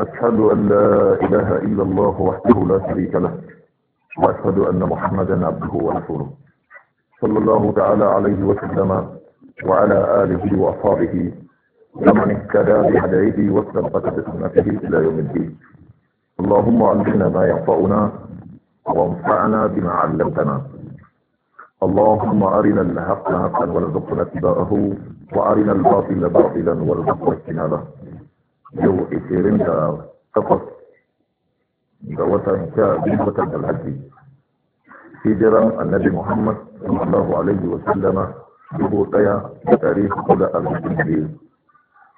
أشهد أن لا إله إلا الله وحده لا شريك له وأشهد أن محمدا عبده ورسوله صلى الله تعالى عليه وسلم وعلى آله وأصحابه ومن اهتدى بهديه واستبقت بسنته إلى يوم الدين اللهم علمنا ما ينفعنا وانفعنا بما علمتنا اللهم أرنا الحق حقا وارزقنا اتباعه وأرنا الباطل باطلا وارزقنا اجتنابه yau ishirin da takwas ga watan sha biyu watan alhaji hijiran annabi muhammad sallallahu alaihi sallama, dubu daya da dari hudu da arba'in biyu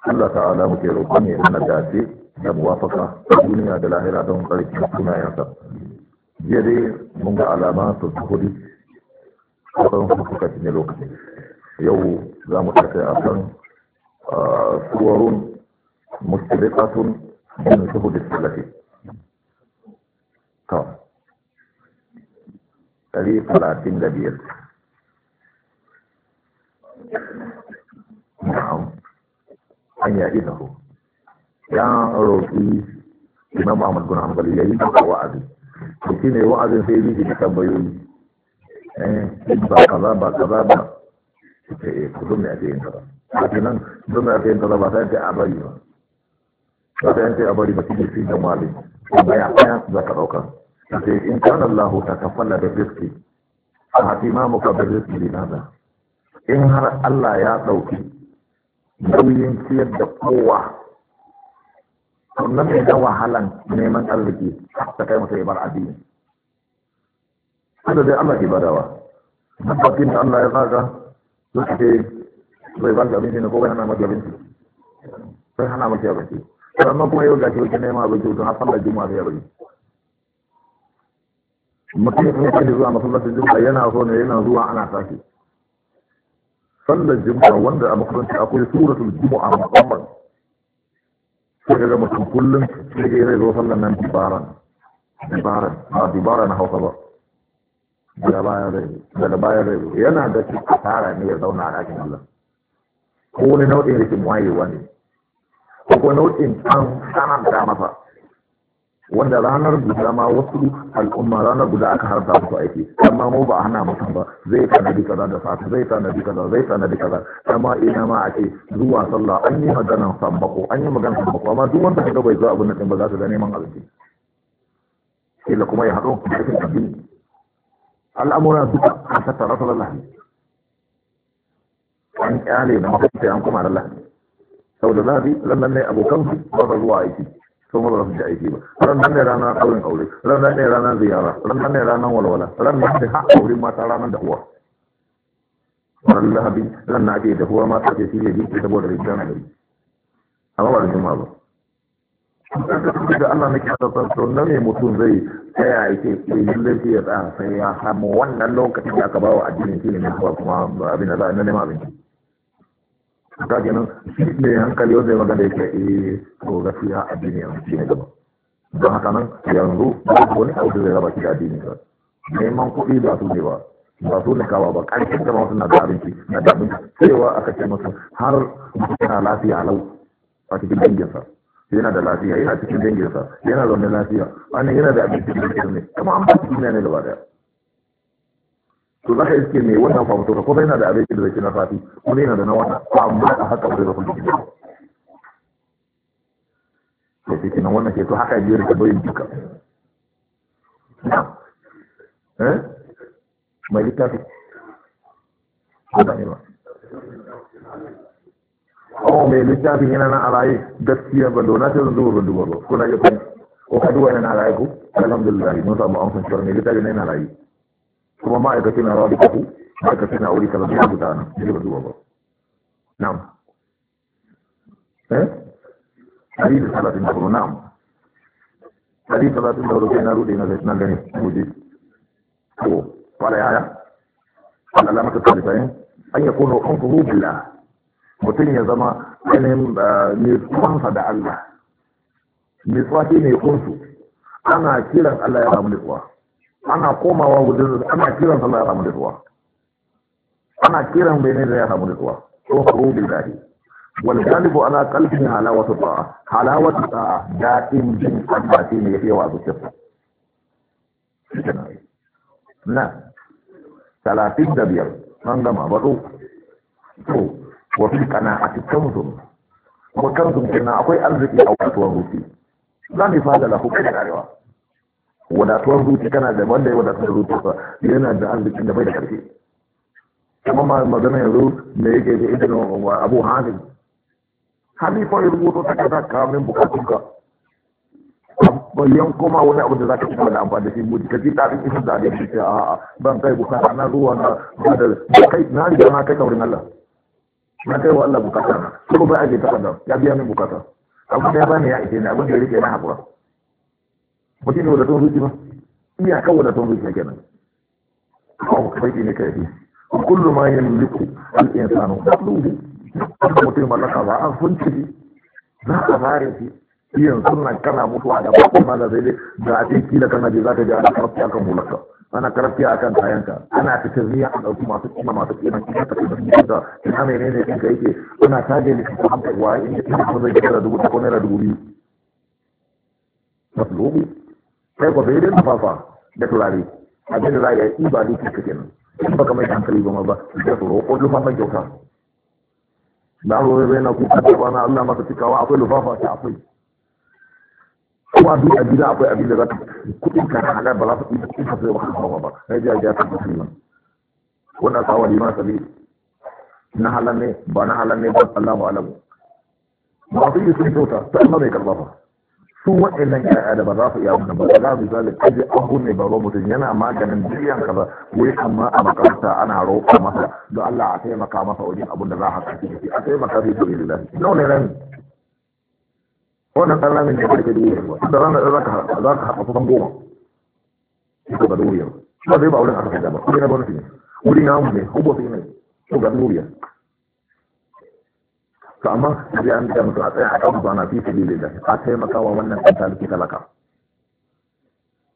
Allah ta'ala muke roƙo ne na dace da muwafaka a duniya da lahira don suna yasa jiya dai mun ga alama su hudu a kan hukuka cinye lokaci yau za mu tafi a kan suwarun مسبقة من شهود السلفين. طبعا طريق العتين لبير نعم أن يعيده يا روكي إمام أحمد بن حنبل يعيد وعدي وكين وعد في بيتي تبين ba kaza ba kaza ba eh ku zo mai ake yin kaza haka nan kada yanke a bari mutum fi da mali amma ya ɗaya za ka ɗauka sai in kana Allah ta kafalla da rizki a hatima muka da rizki nada. in har Allah ya ɗauki nauyin ciyar da kowa sannan mai da wahalan neman arziki ta kai masa ibar addini kada dai Allah ke badawa tabbatin da Allah ya zaga zuke bai ban da abinci ne ko bai hana maka abinci bai hana maka abinci sannan kuma yau gashi wajen nema abin kyautu har sallar juma'a sai ya mutum ya kaji zuwa masallacin juma'a yana so ne yana zuwa ana sake sallar juma'a wanda a makaranta akwai suratul juma'a musamman sai ga mutum kullum sai ga zai zo sallar nan dubaran dubaran ba dibara na hausa ba daga baya zai daga baya zai yana da shi tara ne ya zauna a ɗakin Allah ko wani nau'in rikin wayewa ne ko nau'in an sananta masa wanda ranar guda ma wasu al'umma ranar guda aka harta musu aiki amma mu ba hana mutum ba zai tanadi kaza da safe zai tanadi kaza zai tanadi kaza amma ina ma ake zuwa sallah an yi magana sambako an yi magana sambako amma duk wanda kaga bai zo abin nan ba za su ga neman abinci illa kuma ya haɗo cikin abin al'amura duka a tattara sallallahu an kyale na mafi an kuma da lahani saboda zafi ranar ne abokan su ba zuwa aiki sun ba su aiki ba ranar ne ranar kaurin aure ranar ne ranar ziyara ranar ne ranar walwala ranar ne har auren mata ranar da uwa ranar lahabi ranar ake da uwa mata ke shirya jiki saboda rikiyar na gari amma ba da jima ba da Allah na kyautar sarto na ne mutum zai tsaya yake ilimin eh, laifi ya tsaya sai ya samu wannan lokacin da aka bawa wa addinin shi ne kuma abin da za a nema abinci ka ganin ne hankali wanda ya magana yake eh to gaskiya addini yanzu shi ne gaba don haka nan yanzu ba wani abu zai raba shi da addini ba neman kuɗi ba su ne ba ba su ne kawa ba ƙarfin da suna da abinci na da abinci cewa aka ce masa har yana lafiya lau a cikin danginsa yana da lafiya yana cikin danginsa yana zaune lafiya wannan yana da abinci da ne kuma an ba su ne gaba daya to zaka iske mai wannan fafuto ka kuma yana da abin da zai na fati kuma yana da na wannan amma a haka ba zai kuma da gida da shi kina wannan ke to haka biyar ka bayin duka eh? mai littafi ko da ne ba Oh, mai littafin yana nan a raye gaskiya ba dona ta zuwa runduwa ba kuna yi kuma ko kaduwa yana raye ko alhamdulillah mun samu shi shawar mai littafin yana raye kuma ma'aikacin na rabi kafu ma'aikacin na wuri kaza ba guda nan zai ba zuwa ba na'am eh ari da salatin da na'am ari salatin da rubuce na rude na zai nan gani muje to wala yaya wala lamata talibai an yakunu khawfuhu billah mutum ya zama ainihin nutsuwansa da Allah nutsuwa shi ne kunsu ana kiran Allah ya samu nutsuwa ana komawa gudun da ana kiran sallah ya samu nutsuwa ana kiran bai ne da ya samu nutsuwa to faru bil dahi wal galibu ala qalbi halawatu ta'a halawatu ta'a da'in bin Allah shi ne yake wa zuciya na na talatin da biyar da ma bado to wa fi kana a cikin sun kuma kan sun akwai arziki a wasuwar rufi zan yi fada lafi kai da arewa wadatuwar zuci kana da wanda ya wadatuwar ba yana da arzikin da bai da karfi kuma ma magana yanzu da yake da idan wa abu hali hali fa rubuto ta kaza kamin bukatun ka bayan kuma wani abu da zaka ci da amfani da shi mu ka ci dadin isa da abin shi a a ban kai bukata na zuwa na da kai na riga na kai kaurin Allah na kai wa Allah bukata na ba a aje ta kada ya biya min bukata abu da ya bani ya ike ne abu da ya rike na hakura mutum ne wadatun zuci ba iyakan wadatun zuci kenan kawo faɗi ne kai kullu ma yamliku al-insanu nafsuhu dukkan mutum mallaka ba an sun ci za a fara shi iyan sunan kana mutuwa da ba kuma da zai dai da a cikin kila kana je za ka ji ana karfi kan mulaka, ana karfi kan kayanka ana fitar riya a ɗauki masu kima masu kima kima ta kima kima ta kima mai ne kinka yake ana taje ne kuma hamta wa inda kima kuma zai da dubu ta kuma naira dubu biyu maslubi sai ko sai dai fafa da turare a da za a yi ba duki kake nan in baka mai hankali ba ma ba da tsoro ko mai kyauta da ruwa bai na kuka ba na Allah maka cikawa akwai lufafa ta akwai kuma duk a gida akwai abin da za ka kudin ka halar ba za ka iya kuka sai ba ka ba sai ja ja ta wanda ta wani ma sabi na halar ne ba na halar ne ba Allah ba alamu ba su yi sun kyauta ta ma mai karba ba su waɗannan ƴaƴa da ba za su iya mana ba za su zalika kaje an kunne baro mutum yana maganin biyan ka ba wai amma a makaranta ana roƙa masa don Allah a taimaka masa wajen abin da za a kafi da shi a taimaka fi da lillahi nau ne rami wannan ɗan ramin ne kwarke da wuyar ba da ranar za ka haɗa kusan goma ko ga da wuyar ba zai ba wurin aka kai da ba wuri na gwamnati ne wuri na mu ne ko ba su ne ko ga da wuyar to amma sai an da mutu a tsaya a kan zuwa na fi sabilillah a taimaka wa wannan kanta da ke talaka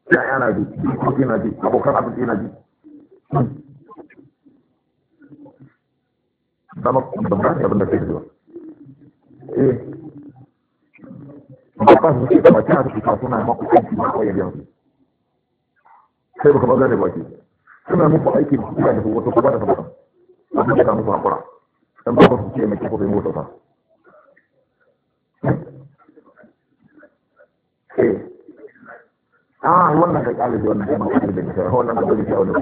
ya yana ji jikoki na ji abokan abinci na ji zama babban abin da ke zuwa eh ba su suke kama kina suke kasu na maku aiki na koyar yanzu sai baka ba gane baki suna muku aiki da kuma da wata kuma da sabon abin da ka muku hakura dan ba ku ce mai kiko bai motsa ba eh. ah wannan da kalibi wannan da kalibi da wannan da kalibi wannan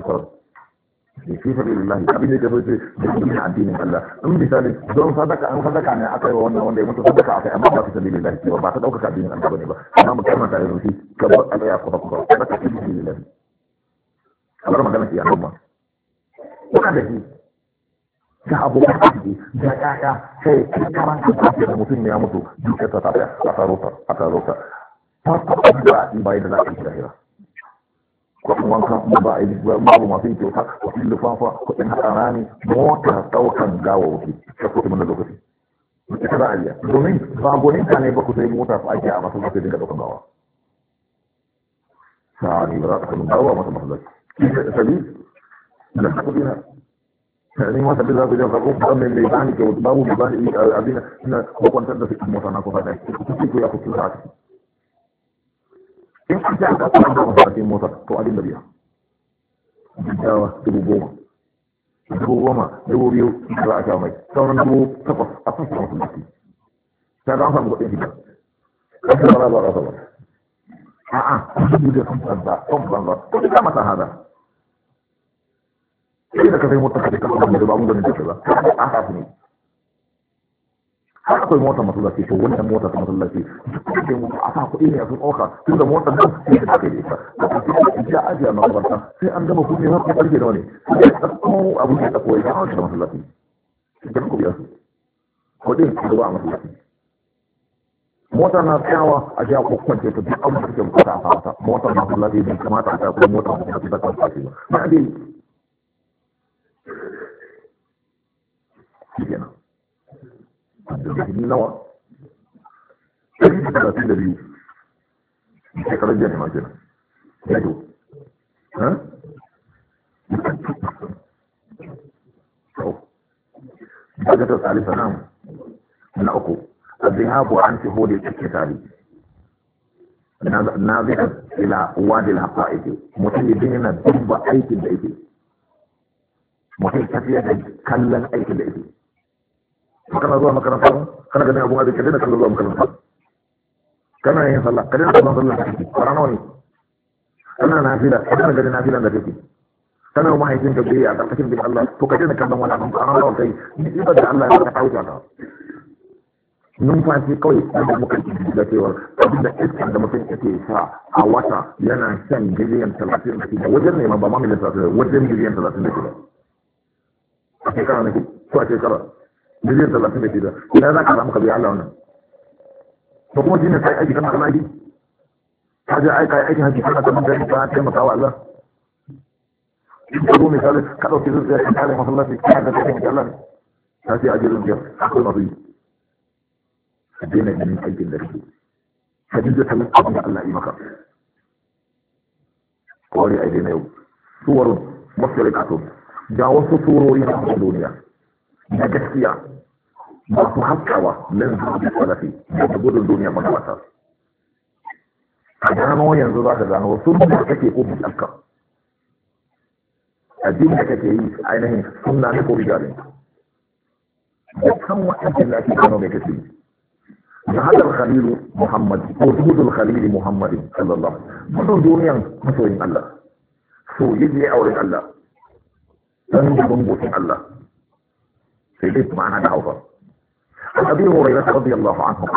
eh, fi abin da ce da shi addinin Allah in misali don sadaka an sadaka ne aka wannan wanda ya mutu sadaka a amma ba fi sabilillahi ce ba ta addinin Allah bane ba amma mu kama da shi ka bar Allah ya kuma kuma sadaka fi Allah magana ke yanan da shi ka abu da aji da kaka sai karan ka tafi da mutum ya mutu duka ta tafi a tarota a tarota ta tafi da ba da za ka yi lahira kuɗin wanka ba a yi babu masu yi kyauta kuɗin lufafa kuɗin haɗa rani mota ɗaukan gawa wuce ta kuɗi mana lokaci ita za a yi domin ba gonin ta ne ba ku sai mota su ake a masu masu dinga ɗaukan gawa sa'ani ba za ka sanin gawa masu masu zaki sabi da kuɗi na ni wasa bila kuja kwa kufa mimi kwa sababu ndani abina na kwa kwanza siku moja na kwa baada siku ya kufuata kisha kwa sababu kwa moja to alinda bia dawa siku goma siku goma dubu biyu za aka mai sauran dubu takwas a fasa wasu baki ta ga an samu kuɗin gida a kan ba za a ba a'a kuɗin da kan banza kan banza kuɗin kama ta hada inda ka sai mota ka ka kuma da ba mu da nake ba an ka ne har akwai mota masallaci to wannan mota ta masallaci dukkan mu a sa kuɗi ne a sun ɗauka tun da mota nan sai da aka yi ta ya ajiya na kabarta sai an gama kuɗi har kuma ƙarfe da wani sai ya ɗauko abu ne da koyi ya hausa masallaci idan ku biya su kuɗin da ba a masallaci mota na tsayawa a jiya ko kwance ta duk abin da kake bukata a fata mota masallaci bai kamata a ta kuma mota masallaci ta kwanta ce ba na dai kenan abdullahi nawa ɗari da talatin da biyu shekarar jani ma kenan ya yi daga ta salisa nan na uku a zihabu an fi hode cikin tari na zika ila wadil hafa ake mutum idan yana dubba aikin da ake mutum tafiya da kallon aikin da ake kana zuwa makaranta ba kana ganin abu abin ka daina kallon zuwa makaranta kana yin sallah ka daina kallon sallah da kake fara nawa ne kana nafila ka daina ganin nafilan da kake kana mahaifinka bai a karkashin bin Allah to ka daina kallon wani abin fara nawa kai ni ibar da Allah ya ka kauce ka numfashi kawai da muka ci da cewa abinda iskar da mutum yake sa a wata yana shan biliyan talatin da shida wajen neman ba ma miliyan talatin wajen biliyan talatin da shida a shekara nake ko a shekara miliyan talatin da shida ina za ka samu ka biya Allah wannan to kuma shi ne sai aiki kan kana aiki ka je aika aiki haji kana kana da ta taimaka wa Allah in ka zo misali ka dauki zuciya ka kare masallaci ka ga kai da Allah ta ce ajirin ka akwai mafi ka daina ganin aikin da shi. ka dinga kallon abin da Allah ya maka kore a daina yau suwarun masu rikatun ga wasu surori na duniya na gaskiya masu haskawa nan zuwa da salafi da ta gudun duniya magabata a gano yanzu za ka gano sun da kake ofis ɗanka addini da kake yi ainihin sunna na ko rijalin da kan wa'ancin da ake gano mai kake yi هذا الخليل محمد وجود الخليل محمد صلى الله عليه وسلم دنيا مسوين الله سو يجي أولين الله تنجبن بوتين Allah. في البيت معنا دعوه عن ابي هريره رضي الله عنه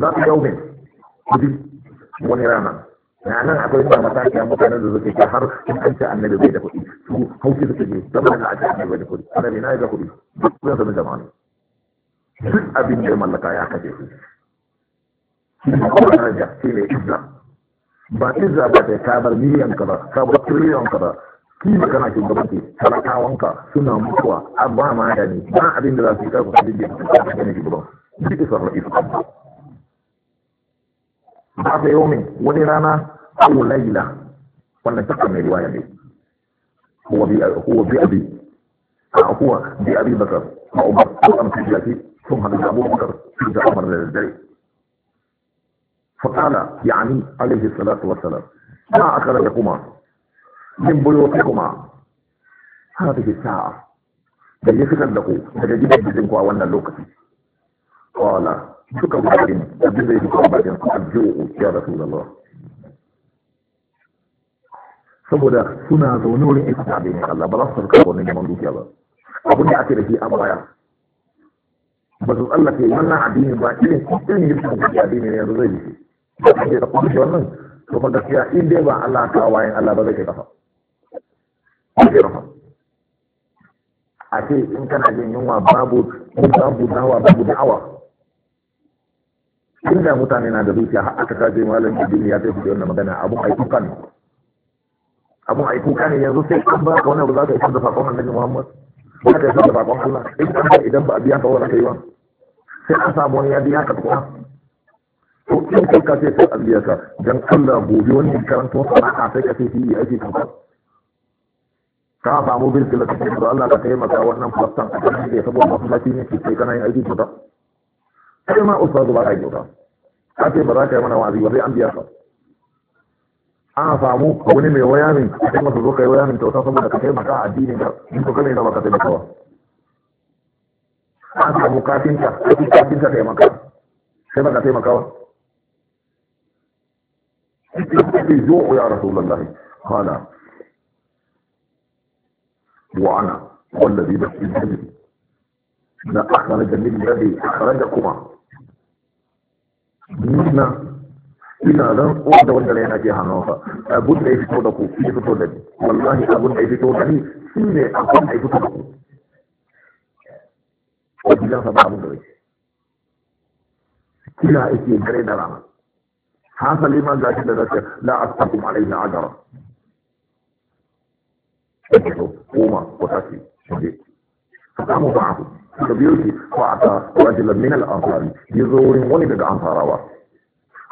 ذات يوم قدم ونيرانا نعم انا اقول لك مثلا يا ابو كان ذو كيف حر ان انت ان ذو بيتك شو هو كيف تجي طبعا انا عاد ابي ولد كل انا بناء ذا كل بس من زمان ابي من ملكا يا اخي انا جاتي لي ابدا بعد ذا بعد كابر مليون كذا كابر مليون كذا kima kana shugabanci talakawanka suna mutuwa a ba ma da ne ba abin da za su yi karfa da jirgin da ta gani shugaban duk isa ra'i su kanta ba ta yau min wani rana awu laila wannan takar mai riwaya ne huwa bi abi a huwa bi abi bakar ma umar ko an fi jafi sun hadu da abubakar sun da amar da daddare فقال يعني عليه الصلاة والسلام ما أخرجكما من بيوتكما هذه الساعة da ya fitar da ku daga gidan jikin ku a wannan lokaci kwala suka bakin abin da ya fito bakin su da ya rasulullah saboda suna zaune wurin ita da abin Allah ba za su sarka wannan neman dukiya ba abin da ake da shi a baya ba su Allah ke wannan addini ba irin irin yadda da ke addini ne yanzu zai yi ba a da kuma shi wannan to fa gaskiya in dai ba Allah ta wayan Allah ba zai kai kafa a ce in kana jin yunwa babu babu dawa babu da'awa inda mutane na da zuciya har aka kaje malam ibn ya tafi wannan magana abu ai kukan abu ai kukan yanzu sai an ba ka wannan ba za ka isa da fakon annabi Muhammad ba ka isa da fakon Allah idan ba idan ba biya ka wannan kai ba sai an samu wani ya biya ka kuma to in kai ka ce sai an biya ka dan Allah gobe wannan karanto sana'a sai ka ce shi ake kuka ka samu bilkila ta cikin Allah ka kai wannan fastan a kan da masu masallaci ne ke kai kana yin aiki kyauta kai ma ustazu ba ka kyauta ka ce ba za ka yi mana wa'azi ba sai an biya ka an samu wani mai wayamin a kai masa zo ka yi wayamin kyauta saboda ka kai addinin ka in to kana yana baka taimakawa an samu kafinta kafin kafinta kai sai baka taimakawa zo ya rasulullahi qala وانا هو الذي نفسي اخرج من احسن الجنين الذي اخرجكما منا إلى أن أقول لك أنا أقول لك أنا أقول لك والله أقول لك أنا أقول لك أنا أقول لك وبلا سبب من ذلك كلا إشي غير دراما حاصل لما جاء لا أستقم عليه عذرا اجلوا قوما وتأتي شديد فقاموا بعضهم suka biyo shi ko aka rajulan min al-ansari yazo wurin wani daga ansarawa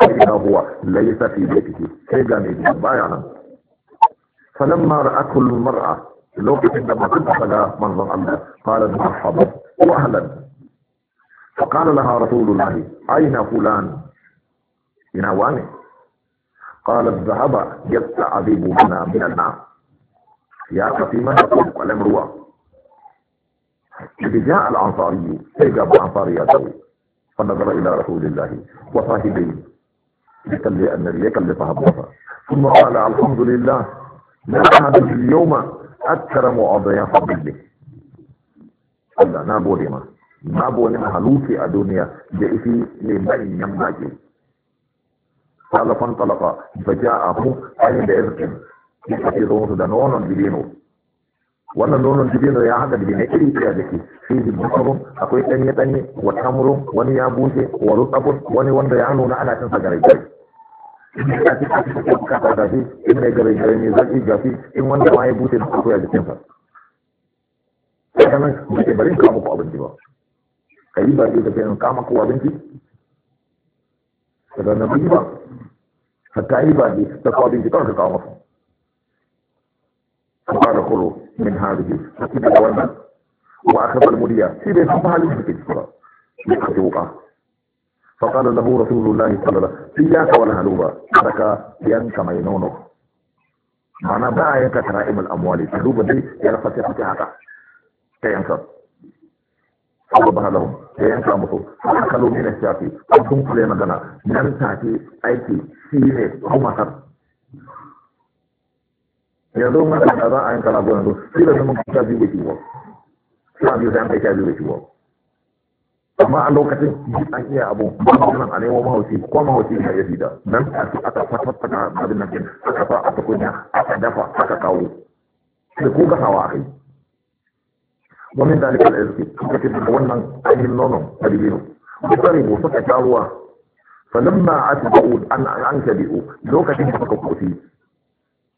ina huwa laysa fi baytihi sai ga ne baya nan falamma ra'atul mar'a lokacin da mutum ta ga manzon Allah qala marhaban wa ahlan فقال لها رسول الله أين فلان هنا واني قالت ذهب يستعذب بنا من النار يا سياسة فيما الأمر ولم روى جاء العنصاري إجاب عنصاري يدوي فنظر إلى رسول الله وصاحبين يقول لي أن ليك اللي ثم قال الحمد لله ما هذا اليوم أكثر معضي حبيبه قال ما بولما ما بولما هلوكي أدونيا جئتي لمن يمجي قال فانطلق فجاءه أي بإذن ya kace zo musu da nonon dibino wannan nonon dibino ya haɗa dibino iri ɗaya da ke shi dibinarun akwai ɗanye ɗanye wa tamurun wani ya bushe wa rutsabun wani wanda ya nuna ana cin sa garai in ka ci kaci ka kasa da shi in mai garai garai ne zaki ga shi in wanda ma ya bushe da kaso ya jikin sa kaga nan ba ke bari ka abinci ba ka yi ba ke ka ce ka muku abinci ka zanna ba hatta yi ba ke ta kawo abinci kawai ka kawo masa fara kolo min halihi a cikin da wannan wa aka bar muriya shi bai san halin da ke cikura shi ka ji wuka faƙalar da bura sun lullahi tsallara shi ya ka wani ba kada ka yanka mai nono mana ba yanka kara imal amwali ta duba dai ya rafata fita haka ta yanka Allah ba halahu ya yanka musu a kalo ne na shafi a sun kule magana nan aiki shi ne yanzu ma da za a yi kalabo yanzu shi da zama kusa biyu bai ciwo suna biyu sai an kai amma a lokacin an iya abu ba a nan a nemo mahauci ko mahauci ya yi da nan a su aka fatattaka abin nan din aka fa aka kunya aka dafa aka kawo da ko gasawa dalika kuka wannan ainihin nono a dibino kusari ko suka sha ruwa falamma an kabi'u lokacin da suka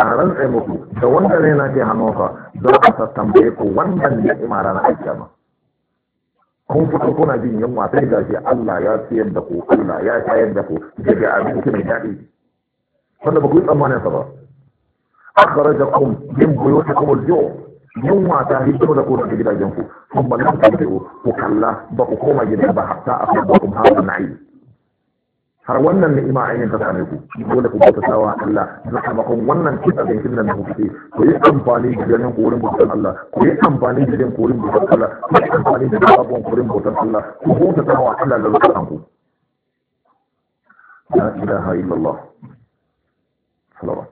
a rantsa muku da wanda zai na ce hannunsa za a tambaye ku ne ya imara na alkiyama kun fito kuna jin yunwa sai ga shi Allah ya siyar da ku Allah ya shayar da ku daga abinci mai daɗi wanda ba ku yi tsammanin sa ba akhrajakum min buyutikum al-ju' yunwa ta hito da ku daga gidajen ku kuma ba ku kalla ba ku koma gida ba hatta akhrajakum hadha na'i har wannan ni'ima ainihin ta same ku dole ku bauta sawa Allah na kamakon wannan kisa da kin nan da kuke ku yi amfani da ganin korin bautan Allah ku yi amfani da ganin korin bautan Allah ku yi amfani da babban korin bautan Allah ku bauta sawa Allah da lokacin ku la ilaha illallah sallallahu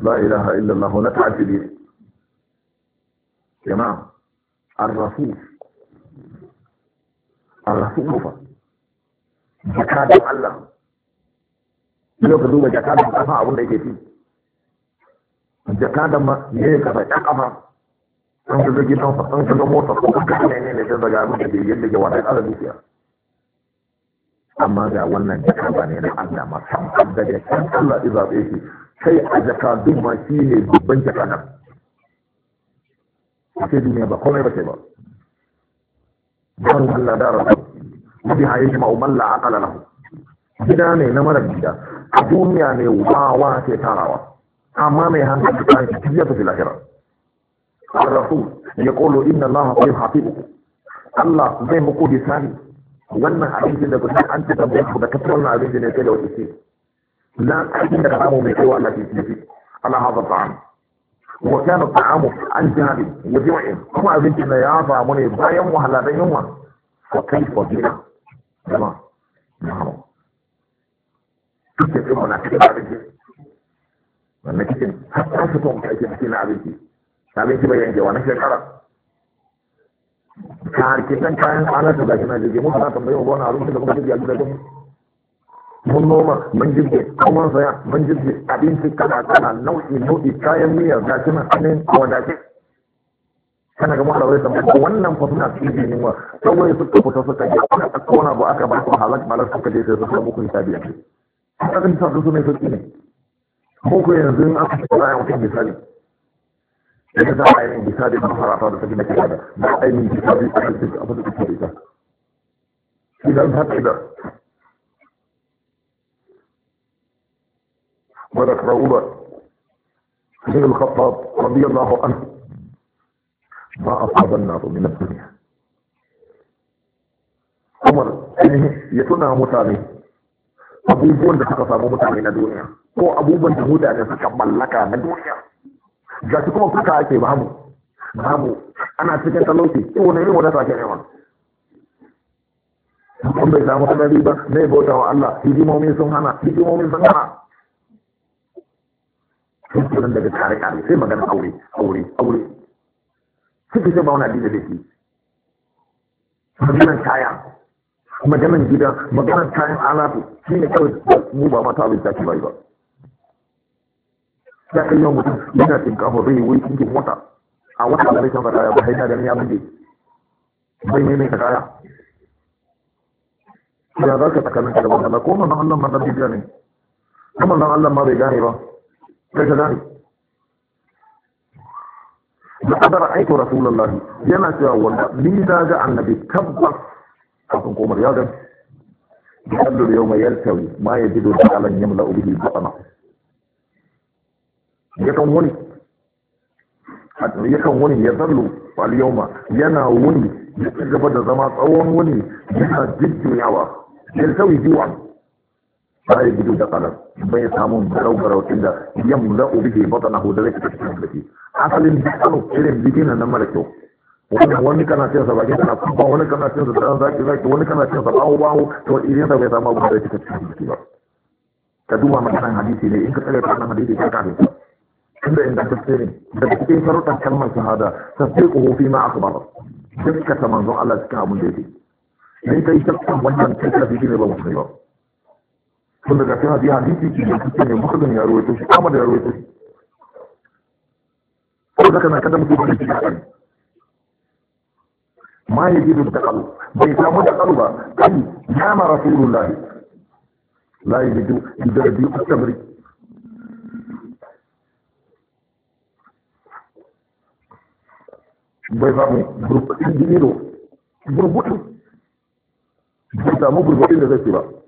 لا إله إلا الله ونتعجل جماعة الرسول الرسول فقط jakadan Allah yau ka duba jakadan kafa abin da yake fi jakadan ma ne kafa ya kafa an ka zagi nan an ka mota ko an ka ne ne ne sai daga abin da ke da ke wani ala dukiya amma ga wannan jakada ne na Allah ma san da jakan Allah ya zabe shi sai a jakadun ma shi ne babban jakadan a ce duniya ba komai ba sai ba Baru Allah da biha yajma'u man la aqala lahu gida ne na mara gida a duniya ne wawa ke tarawa amma mai hankali ta yi ya tafi lahira الرسول يقول إن الله قد حفظكم Allah zai muku lisani wannan abinci da kusan an ci tambaye ku da kasar wannan abinci ne sai da wani ce na aikin da samu mai kaiwa Allah ke ci ala hadha ta'am wa kana ta'amu an jihadi wa jima'in kuma abinci na ya samu ne bayan wahala da yunwa fa kaifa bina zama na hau kike tsaye na cikin abinci wannan cikin har ta su tun kake cikin abinci abinci bai yanke wani shekara ka kitan kayan kwanar da gashi na jirgi mun fara tambayi wa gona a rufe da kuma jirgi a jirgi mun noma mun jirgi kuma saya mun jirgi abinci kala kala nau'i nau'i kayan miya gashi na anin a wadace kana ga mutane da mutum wannan fa suna cikin jinin wa kawai suka fita suka yi aka ɗauko wani abu aka ba su halak malar suka je sai su samu kun tabiya ce aka ji sa su ne sauki ne ko ko yanzu in aka fita ayan mutum misali da ta zama ayin misali da farata da take da kira da ba ayin misali a cikin abu da take da ita idan ta ce da ولك رؤوبة بن الخطاب رضي الله عنه ba a faɗin na rumi na duniya umar ya tuna mutane abubuwan da suka samu mutane na duniya ko abubuwan da mutane suka mallaka na duniya ga su kuma suka ake bamu bamu ana cikin talauci ko wani irin wadata ke nema kun bai samu hadari ba zai bauta wa Allah hidimomi sun hana hidimomi sun hana sun daga tare kare sai magana aure aure aure suka ce bauna wani da zai yi maganar kaya maganar gida maganar kayan alatu shi ne kawai mu ba mata abin da bai ba ya kai yawan mutum yana cin kafa zai wuri cikin mota a wata da rikon canza kaya ba haita ganin ya buge bai mai maimaita kaya ya za ka tsakanin ka da wanda ko manzon Allah ma dan ne kuma manzon allon ma bai gane ba kai ka gane لقد رأيت رسول الله yana cewa wanda ni na ga annabi tabbas kafin komar ya ga da yau mai yaltawi ma ya jido da alan yamla ubihi batana yakan wani yakan wani ya zallu al yawma yana wani ya gaba da zama tsawon wani yana jujjuyawa. jijjuyawa yaltawi jiwa ba zai da kalar bai samu garau garau inda yan da ubi bige bata na hudu zai fita cikin gaji asalin dukkan irin bige na nan mara kyau wani kana cin sa bakin kana kuma wani kana cin sa dan zaki zaki wani kana cin sa bawo bawo to idan sa bai samu abu da zai cikin gaji ba ka duba maganan hadisi ne in ka tsare ta hadisi ka kare ta tunda inda ta tsere daga cikin sharuɗan kalmar shahada tasdiquhu fi ma akhbara dukkan manzon Allah cikin abun da yake in kai shakkan wannan kai ka bi ne ba musulmi ba tunda ga tana biya hadisi ki da kike ne mukhadin ya rawaito shi amma da ya rawaito shi ko da kana kada mutum da kan? ma da taqallu bai ta samu da ba kai ya ma rasulullahi la yajidu idarbi at-tabri bai samu burbuɗin dinero burbuɗin bai samu burbuɗin da zai ba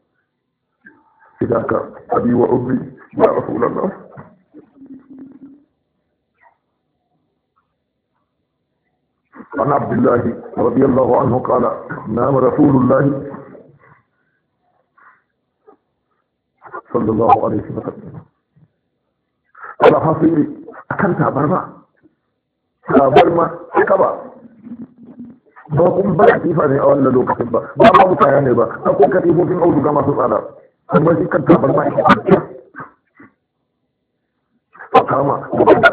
فداك أبي وأبي يا رسول الله عن عبد الله رضي الله عنه قال نام رسول الله صلى الله عليه وسلم على حصير أكلت برما برما كبا ba kun ba katifa ne a wannan lokacin ba ba ba mutane ne ba akwai katifofin auduga masu tsada amma shi kan tabar ma ita tafiya fakama wadda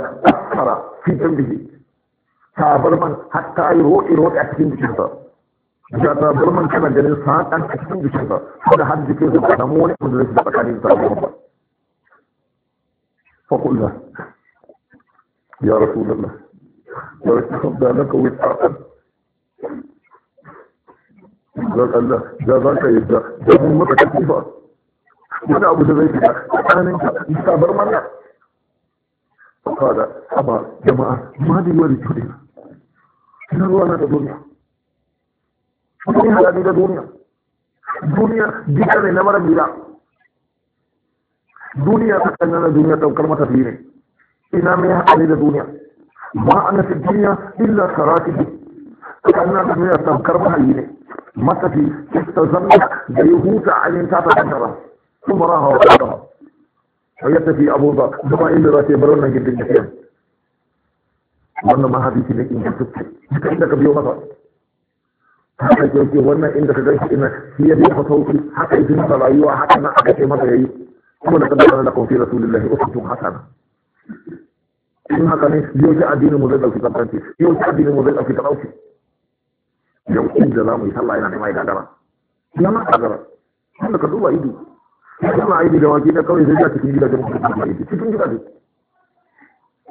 tsara fitan bihi tabar man hatta yi roɗe roɗe a cikin jikinsa da tabar man kana ganin saƙan a cikin jikinsa da har jikinsa ba samu wani abu da zai da tsakanin sa ba فقلنا يا رسول الله ولكن لك وثاقا قال الله ذا ذاك يبدا ده مره كثيفه wani abu da zai fita tsakanin ka in sabar mana kada haba jama'a ma da yi wani cuɗe na ruwa na da duniya kuma yi halari da duniya duniya gida ne na mara gida duniya ta kanya na duniya ɗaukar mata biyu ne ina mai haɗari da duniya ma ana fi duniya illa sarati ta kanya duniya ɗaukar mahalli ne matafi ta zanna da ya huta a yin tafa da ثم راها وقعها حيث في أبو ذر ثم إن راتي برنا جدا كثيرا وأن ما هذه لك إن كنت حتى عندك بيوم ذر haka ke ke wannan inda ka gaishe ina shi ya biya sauki haka yi jinsa rayuwa haka na aka ce masa yayi kuma da kaddara da kofi rasulullahi usutun hasana in haka ne yau ki addinin mu zai dauki kafanci yau ki addinin mu zai dauki talauci yau in da zamu yi sallah yana nema ya gagara duba ido ya kama aiki da wake da kawai zai cikin gidajen aiki cikin gidajen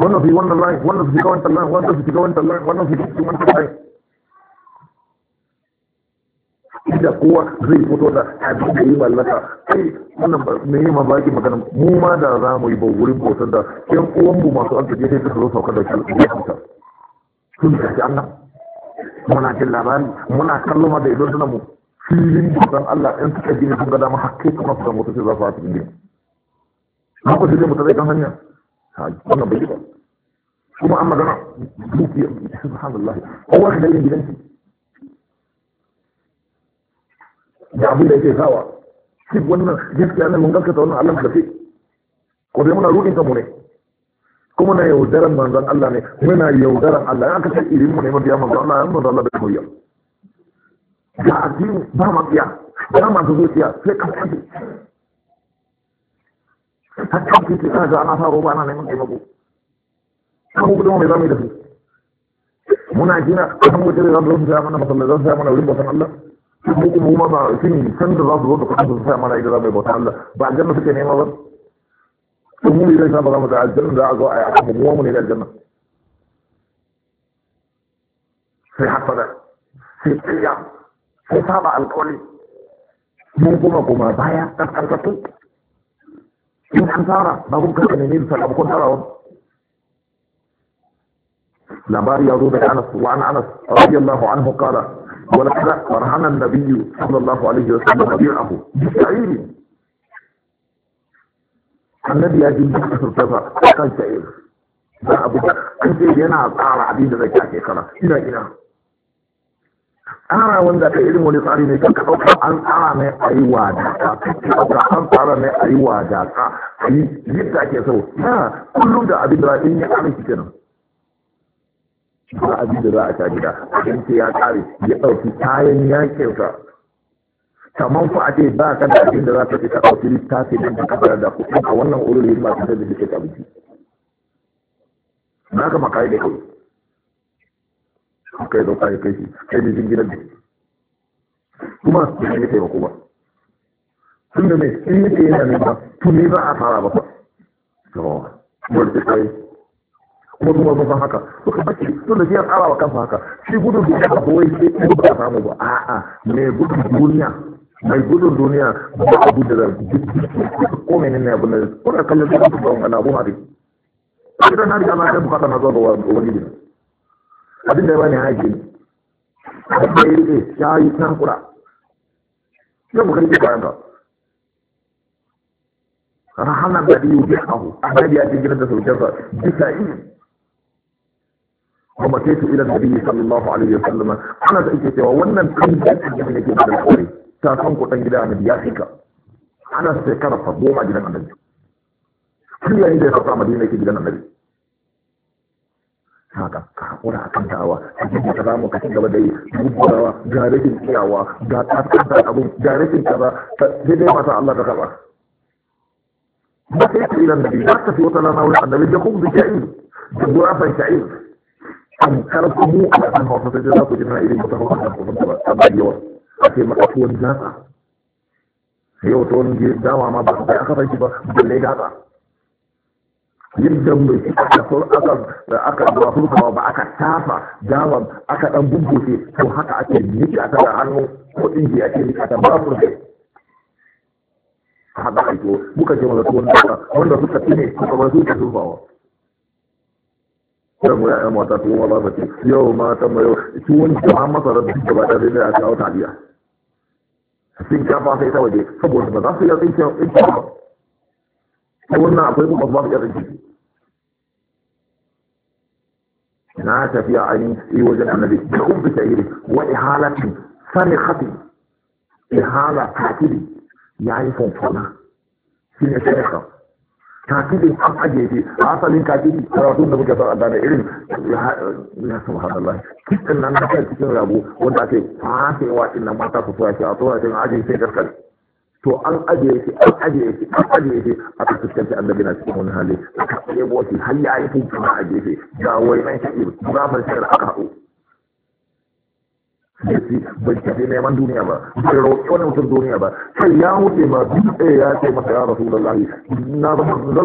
wannan fi wannan layin wannan fi shiga wancan layin wannan fi shiga wancan layin wannan fi shiga wancan layin inda kowa zai fito da abin da yi mallaka kai wannan mai yi mabaki magana mu ma da za mu yi ba wurin bautar da yan uwanmu masu arziki sai suka zo saukar da shi a kusa sun tafi annan muna jin labari muna kallon da idon mu filin kusan Allah ɗin suka gina sun gada ma hakke su masu samu sai za su a cikin gina na ku sai mutu zai kan hanya wannan bai ba kuma an magana duki subhanallah kowa ka dalilin gidanki da abin da yake sawa shi wannan gaskiya ne mun gaskata wannan Allah da fi ko dai muna rudin kanmu ne kuma na yaudaran manzon Allah ne muna yaudaran Allah in aka ce irin mu ne mabiya manzon Allah in manzon Allah bai koyar ga addini ba mabiya ba masu zuciya sai ka kwaje hatta ku ce kana ga ana sa roba ana neman taimako kan gudun mai zamu da su muna jira kan gudun da zamu da mana masallaci zamu da mana wurin bautan Allah Kuma kuma kuma ba shin san da za su zo da kuma su sa mana idan zamu bautan Allah ba aljanna suke nema ba to mu ne sai ba zamu da aljanna za a zo a yi abu mu ne da aljanna sai da sai tsaya sai saba alkawari mun kuma kuma baya ɗan ƙarfafu in an fara ba kun kasa ne nisa abu kun fara wani labari ya zo daga anas wa an anas radiyallahu anhu qala ولقد برهن النبي صلى الله عليه وسلم ربيعه بالشعير النبي يجب أن تصرفها كان شعير ذا أبو بكر أنت ينا أطار عبيد ذكاك خلاص إلى إله ƙara wanda ka irin wani tsari ne kan ka ɗauka an tsara mai a yi wadata ka ɗauka an tsara mai a yi ka yi yadda ake so na kullum da abin da in ya ƙara shi kenan ba abin da za a sha gida in ce ya ƙare ya ɗauki kayan yakinsa kamar fa a ce ba a kan abin da za ka fi ka ɗauki littafi da ka kasar da kuɗi a wannan wurin masu da suke abinci. Na ka makai da kai. kai zo kai kai kai bijin gidan da kuma su ne kai ba sun da mai yake yana ne ba tun ne ba a fara ba ba kuma da kai kuma kuma ba haka to ka bace da ya tsara wa kansa haka shi gudun duniya ba wai sai ko ba samu ba a'a mai gudun duniya mai gudun duniya ba abu da zai ko menene abun da ko kallon da ba na abu ma dai idan na riga na ga bukata na zo ga wani gidan abin da ya bani haƙi ne abin da ya rike ya yi nan kura sai mu karfi bayan ka rahanan da biyu bi ahu annabi ya jingina da sauƙinsa bisa ilimi kuma sai su ila biyu sallallahu alaihi wa sallam ana da ake cewa wannan kan da ake da yake da alƙawari ta san ku dan gida annabi ya fika ana sai karfa goma gidan annabi har yayin da ya fara madina ke gidan annabi haka haƙura a kan dawa abin da za mu ka ci gaba da yi gudurawa ga rashin iyawa ga ƙasƙantar abin ga rashin kaza sai dai mata Allah ta kaba ba sai ta ilan da ba ta fi wata lana wani annabi da kuma da sha'i da gurafan yi. an karfi mu a ƙasar hausa sai dai za ku ji na irin wata hausa da ta ba a yawa a ce maka tuwon gasa yau tuwon dama ma ba sai aka fanki ba balle gasa yadda mai aka aka zuwa furkawa ba aka tafa dawa aka dan bubbuce to haka ake nika ta da hannu ko inji ake nika ta ba furkai haka aiko muka ce wanda tuwon dawa wanda suka fi ne suka ba su ke zurbawa sai mu ya'ya mata tuwon ba ba ce yau mata mai yau tuwon jama'a masarar duk gaba ɗaya zai a kawo taliya sun kafa sai ta waje saboda ba za su yi tsinke ba قلنا اعطيكم اصباب الرجل نعاش في عيني في وجه النبي بحب سيري واهالتي صرختي اهاله كاتبي يعرف فلا في الشيخة كاتبي حق اجيبي اصل كاتبي راسول نبي كتر ادانا علم يا سبحان الله كيف ان انا كنت ابو وانت اتي فاتي واتي انما تاكو فاتي اطولة اجي سيكر to an ajiye shi an ajiye shi an ajiye shi aka fuskanci annabi na cikin wani hali aka ɗebo shi har ya yi tuntu na ajiye shi ga wai nan shi ba ban shayar aka haɗu yake bai tafi neman duniya ba bai roƙi wani mutum duniya ba sai ya wuce ma dutse ya ce masa ya rasu da lahi na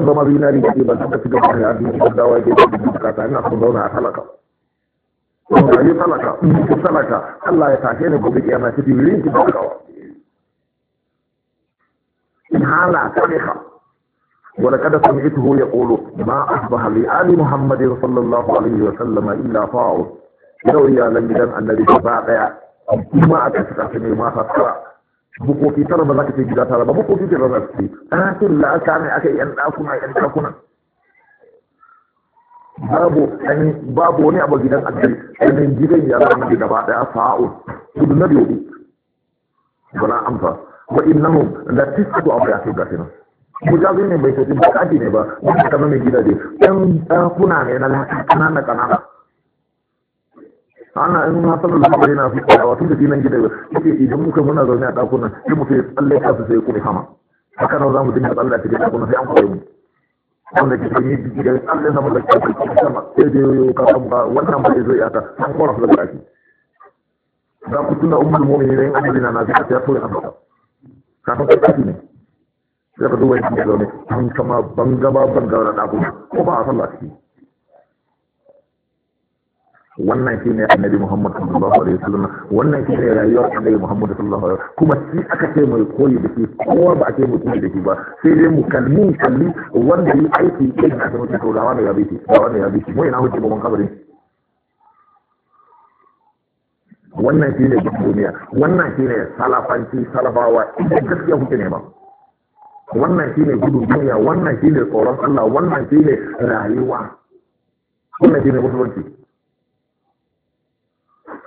zama zinari da ke ba ta ci gaba da yadda ke dawa ke da bukata ina son zauna a talaka wanda yi talaka in salaka Allah ya tashe ni gobe kiyama ta fi rinki da kawa إن هالا تاريخا ولقد سمعته يقول ما أصبح لآل محمد صلى الله عليه وسلم إلا فاعل يروي يا لنجدان أن الذي تباقع ما أتسكى سمي ما تسكى بقو في ترى بذلك في جدا ترى بقو في ترى بذلك في آتل لا كان أكي أن أكون أي أن أكون babu an babu wani abu gidan addini ainihin gidan yara na الذي ba daya sa'o su da nabi wani amsa wa innahu la tisatu abriyatu gatina mujazi ne bai tafi bukati ne ba wanda kama mai gidaje ɗan kuna ne na lafiya kanana kanana ana in na sanar da kuma yana fita da wasu da finan gida ba ke idan muka muna zaune a ɗakunan sai mu sai tsalle ka su sai kuma sama haka nan za mu dinga tsalle a cikin ɗakunan sai an koyi mu wanda ke sanyi jiki da tsalle sama da ke cikin sama sai da yoyo ka san ba wannan ba zai yaka an kora su da ƙarfi za ku tuna ummul mu'minin an yi na na zai ta toye a kafin ka tafi ne sai ka duba yadda zaune an kama bangaba bangaba na wani ko ba a sallah ciki wannan shi ne annabi muhammad sallallahu alaihi wasallam wannan shi ne rayuwar annabi muhammad sallallahu alaihi wasallam kuma shi aka ce mai koyi da shi kowa ba a ce mu koyi da shi ba sai dai mu kalli kalli wanda yi aiki kai da mutum to da wani ya bi shi da wani ya bi shi mu ina hujja ba mun kabarin wannan shi ne duniya wannan shi ne salafanci salafawa inda gaskiya kuke nema wannan shi ne gudun duniya wannan shi ne tsoron Allah wannan shi ne rayuwa wannan shi ne musulunci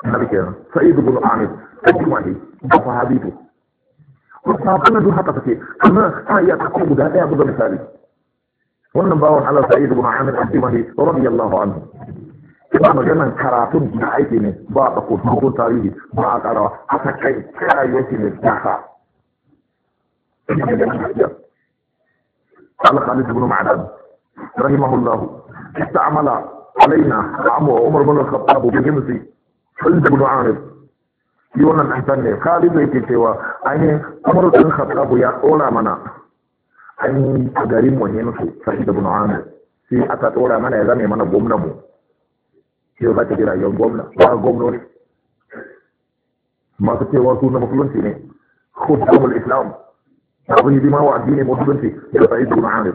harke sa'id ibn amir tajmani da sahabitu ko sabana duk haka take amma ta iya ta ko guda daya buga misali wannan bawon Allah sa'id ibn amir tajmani radiyallahu anhu ba maganan karatun da aiki ne ba a ɗauko tarihi ba a ƙarawa haka kai kira yake ne kasa قال خالد بن معدان رحمه الله استعمل علينا عمو عمر بن الخطاب بجنسي خالد بن arif yi wannan an sanne khalid zai ke cewa ainihin umar bin khattab ya tsora mana an yi garin wani sai da sai aka tsora mana ya zame mana gwamna mu shi za ta ji rayuwar gwamna ba gwamnoni masu cewa su na musulunci ne hukumul islam abin yi ma wa addini musulunci da sai su na hanif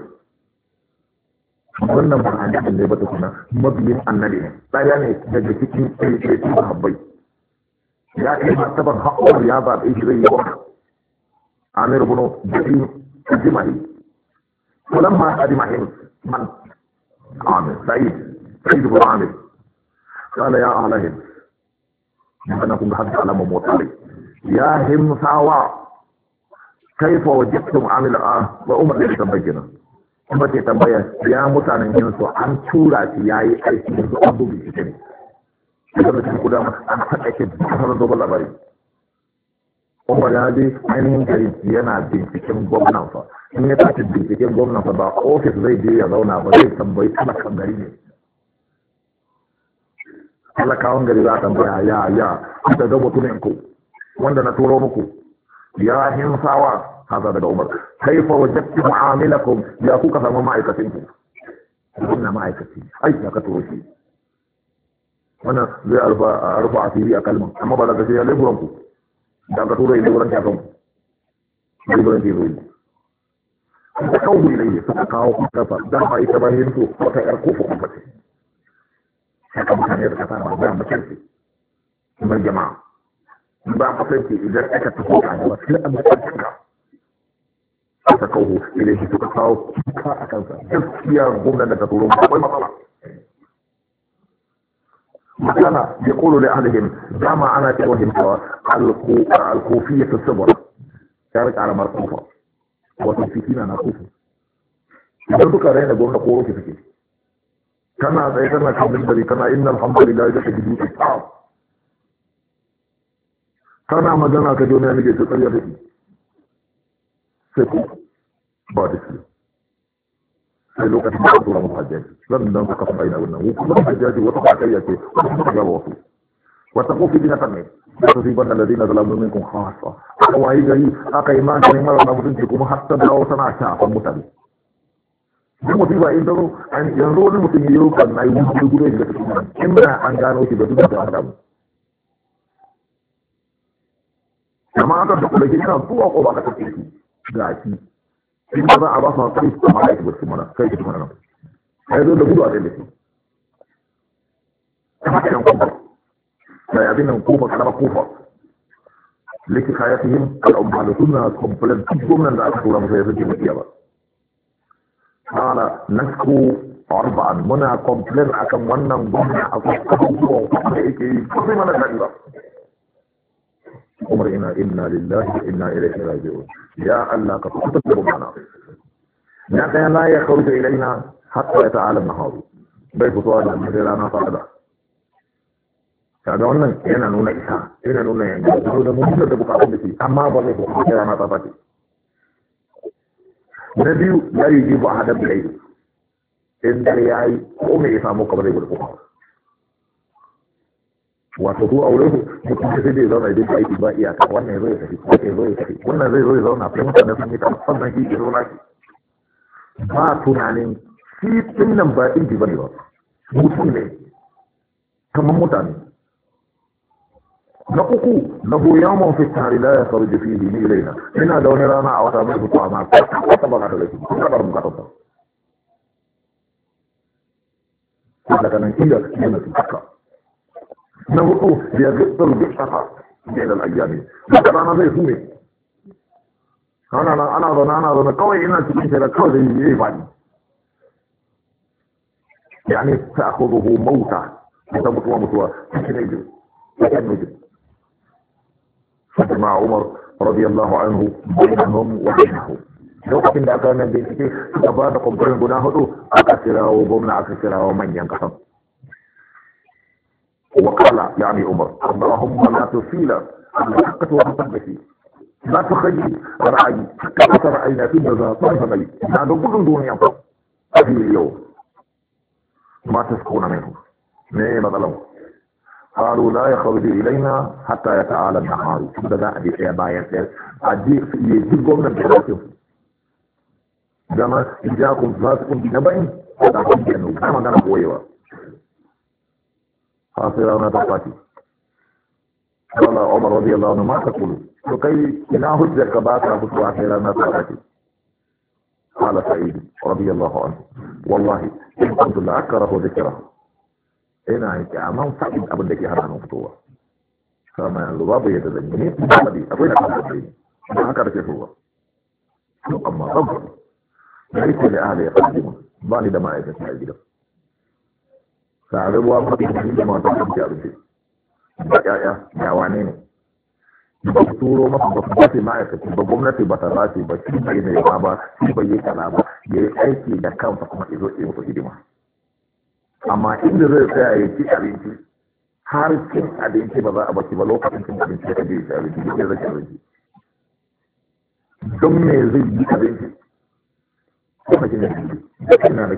wannan ba addinin ne ba ta kuna mabiyin annabi ne tsaya ne daga cikin ɗaiɗaiɗi da habbai ya kai martaban haƙƙon ya zaɓe shi zai yi wa amir bunu jari jimahi kulan ma a jimahin man amir sa'id sa'id bunu amir قال يا أهل هند أنكم حتى على مطالب يا همساوى كيف وجدتم عن الآن وأمر لتبينا amma ke tambaya ya mutanen yin su an tura shi ya yi aiki da su an bugi shi ne daga da kuda an haɗa shi kasar zuba labari kuma ya je ainihin gari yana binciken gwamnan fa in ya tashi binciken gwamnan ba ofis zai je ya zauna ba zai tambayi kan gari ne talakawan gari za a tambaya ya ya da ga ku. wanda na turo muku ya sawa haza daga umar kaifa wajadtu mu'amilakum ya kuka samu ma'aikacin ku wannan ma'aikaci ai ya ka turo shi wannan zai arfa asiri a kalmar amma ba daga sai ya leburan ku da ka turo leburan ta kan ku leburan ke zoyi da kawo ilayya suka kawo kuka fa dan ba ita ba hinto wata ƴar kofa kuma ce sakamakon yadda ka fara ba mu kyarfi kuma jama'a ba mu kyarfi idan aka tafi ka da wasu an da kanka aka kawo idan shi suka kawo kuka a kansa gaskiya gwamnan da ta turo ba akwai matsala مثلا يقول لأهلهم جمع أنا تقولهم الكوفية الصبر تارك على مرقوفة وتنفيتين أنا كوفة إذا ذكرين قولنا قولوا كيف كيف kana tsaye kana kan mimbari kana innal hamdulillah da ka jin kana magana ka duniya ne ke ta tsariya da shi sai ku ba da shi sai lokacin da aka tura muku hajjaji zan dan kuka kuma ina wannan ku kuma hajjaji wata ba kariya ce wata kuma ga wasu wata kofi dina ta ne da su fi banda ladina zalamu minkum khassa aka wayi gari aka yi ma kai mara na mutunci kuma har ta dawo tana shafan mutane duk mutum ba in zaro yanzu wani mutum ya yi kan na yi wuce gudu ya shiga in ba an gano shi ba duk da amma aka da kuma kina zuwa ko ba ka tafi shi ga shi in ba a ba su hankali su kama ba su mana kai su mana nan zo da gudu a da shi ta haka yan abin nan likita ya fi yin al'umma da suna complain duk gwamnan da aka tura musu ya zai ba قال نسكو arba'an muna complain akan wannan gwamna a abubuwan kuma yake yi kuma mana gani ba umar ina inna lillahi wa inna ilaihi raji'un ya Allah ka fitar da gwamna na daya la ya kharuja ilaina hatta ya ta'ala naharu bai fito da dare rana fa'ada kaga wannan yana nuna isa yana nuna yanga da mun da bukatun da shi amma ba zai fito da rana ta fati na biyu ya yi jibu a hadar bilai in dare ya yi ko mai ya samu kamar ya gurfa wato ko aure ku ne kuma sai dai zauna idan aiki ba iyaka wannan zai tafi wannan zai tafi wannan zai zo zauna sai mutane sun yi ta sannan shi ke zauna shi ba tunanin shi tun nan ba inji bane ba mutum ne kamar mutane نقوقو نبو يوم في السهر لا يصرد فيه لي إلينا إنا دون رامع وطابعه طعماء وطبق على ذلك وطبق على ذلك لك أن إلا كلمة الحق نبوه بيغط البحثة بين الأيام لكن أنا ذي سمي أنا أنا أنا أنا أنا أنا قوي إنا تبيش لك كوزي يبعني يعني تأخذه موتا متوى متوى تكنيجر تكنيجر فجمع عمر رضي الله عنه بينهم وبينه نقطة إن أكان بين في جبان قبر البناه دو أكسر وضمن أكسر ومن ينقصد وقال يعني عمر اللهم لا تصيل الحقة وحطبتي لا تخيل رعي كما ترعينا في النزاة طيب لي نعدو كل دون ينقص أبي اليوم ما تسكون منه نعم ظلمه قالوا لا يخرج الينا حتى يتعالى النهار بدا في عبايته اديق في يجيبون من بلاتهم جمع اجاكم فاسكم بنبعين فتاكم جنو كما كان بويوا حاصل انا تفاتي قال عمر رضي الله عنه ما تقول لكي اناه الزكبات رفض واحد انا تفاتي قال سعيد رضي الله عنه والله ان كنت لا اكره ذكره ina kyaman faɗin abin da ke hana nan fitowa kama yanzu babu yadda zanyi ne ne faɗi akwai na kan faɗi kuma haka da ke so to amma babu da yake da ahala ya faɗi mu ba ni da ma'aikata a gidan sarewa faɗi da ni da masu abinci da ƴaƴa da wane ne ba su turo masa ba su ba gwamnati ba ta bace ba shi ba ba shi bai yi kana ba ya yi aiki da kansa kuma izo iya musu hidima amma inda zai tsaya ya ci abinci har cin abinci ba za a baki ba lokacin cin abinci ya kaje ci abinci ya zai abinci don me zai yi abinci kuma gina ne da na da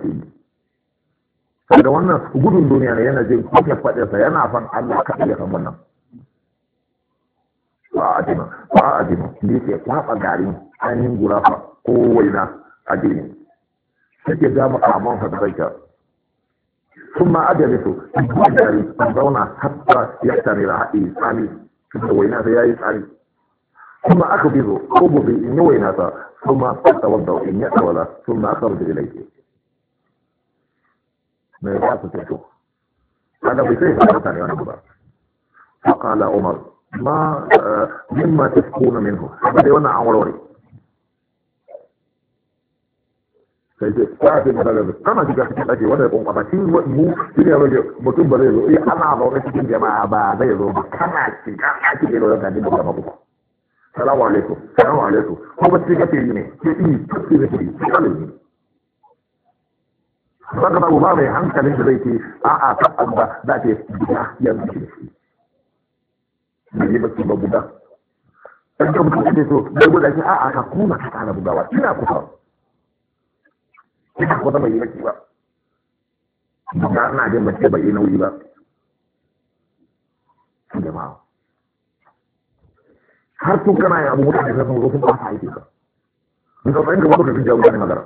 yi da wannan gudun duniya ne yana jin kuke faɗinsa yana fan Allah ka iya san wannan ba a jima ba a jima ne ke kwaɓa garin ainihin gurafa ko waina a jini take gama a amon sa da ثم أجلس أجلس أنظرنا حتى يحتمل إيساني نوينات يا إيساني ثم أخفض قبضي نوينات ثم أتوضأ إن يأتولى ثم أخرج إليه ما يبعث تشوف هذا بسيطة أتاني وأنا كبار فقال عمر ما آه، مما تسكون منه بدي وانا عمروري sai ce ta ce da shiga cikin ake wanda mu shi ne mutum ba zai zo eh ana wani cikin jama'a ba zai zo kana shiga ake da ba salamu alaikum salamu alaikum ko ba kake yi ne ke yi ke kala yi ba ba mai hankalin da zai ce a'a ta abba za ta yi yanzu shi ba ɗan ka mutum so bai guda shi a ka kuma ka bugawa ina kusa duka ko bai yi bacci ba duka ana jin bacci bai yi nauyi ba jama'a har tun kana yin abu mutane sun zo sun ba ta aiki ka in ka tsayin gaba baka jawo gane magana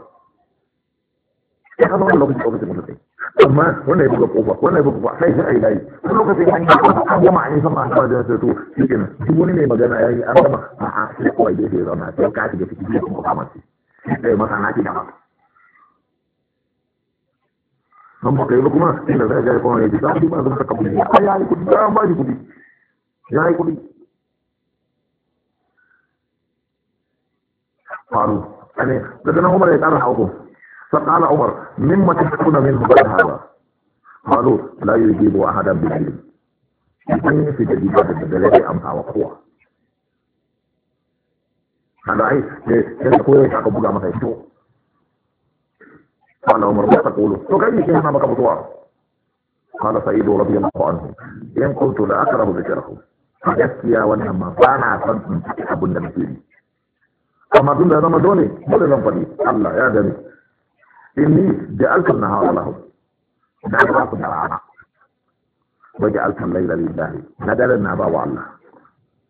ya kasa wani lokacin ofishin mutum amma wannan ya buga kofa wannan ya buga kofa sai sai ai wani lokacin an yi an gama an yi sama an kawai da sai to shi kenan duk wani mai magana ya yi an gama a sai kawai da sai zauna sai ka shiga cikin kuma kamar sai masana ki da maka فقال عمر مما تكون منه بعد هذا قالوا لا يجيب احدا بالعلم يعني في جديد هذا الذي امتع وقوع هذا عيس يقول لك اقول لك قال عمر ما تقول فكيف شيء امامك بطوار قال سعيد رضي الله عنه ان كنت لا اكره ذكره فجدت يا ونعم فانا عفنت من ابو النبي اما دون هذا ما دوني مولى لهم قليل الله يا دني اني جعلت النهار لهم نعرف نرعنا وجعلت الليل لله ندل النعباء الله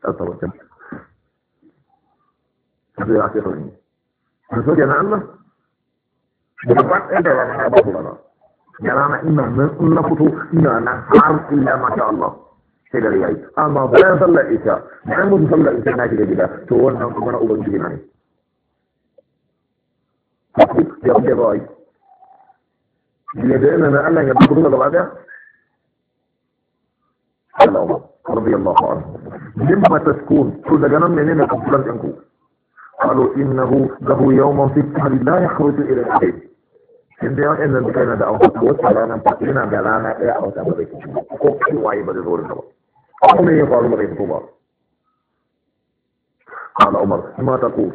اصبر كم هذا يا اخي خليني الله gaba ɗaya da rana ba kuma da rana ina nan in na fito ina nan har ila masha Allah sai da yayi amma bayan sallar isha bayan mutu sallar isha na shiga gida to wannan kuma na ubangiji na ne ya kuke ba wai ya da yana na Allah ya buku duka gaba ɗaya Allah رضي الله عنه لما تسكون شو ده جنان منين الكفران انكم قالوا انه له يوم في السهر لا يخرج الى الحيث in dai wa'in nan duka yana da auka wata rana ta yana da rana ɗaya a wata ba zai fito ko kiwaye ba zai zo da ba ko me ya faru ba zai fito ba قال عمر ما تقول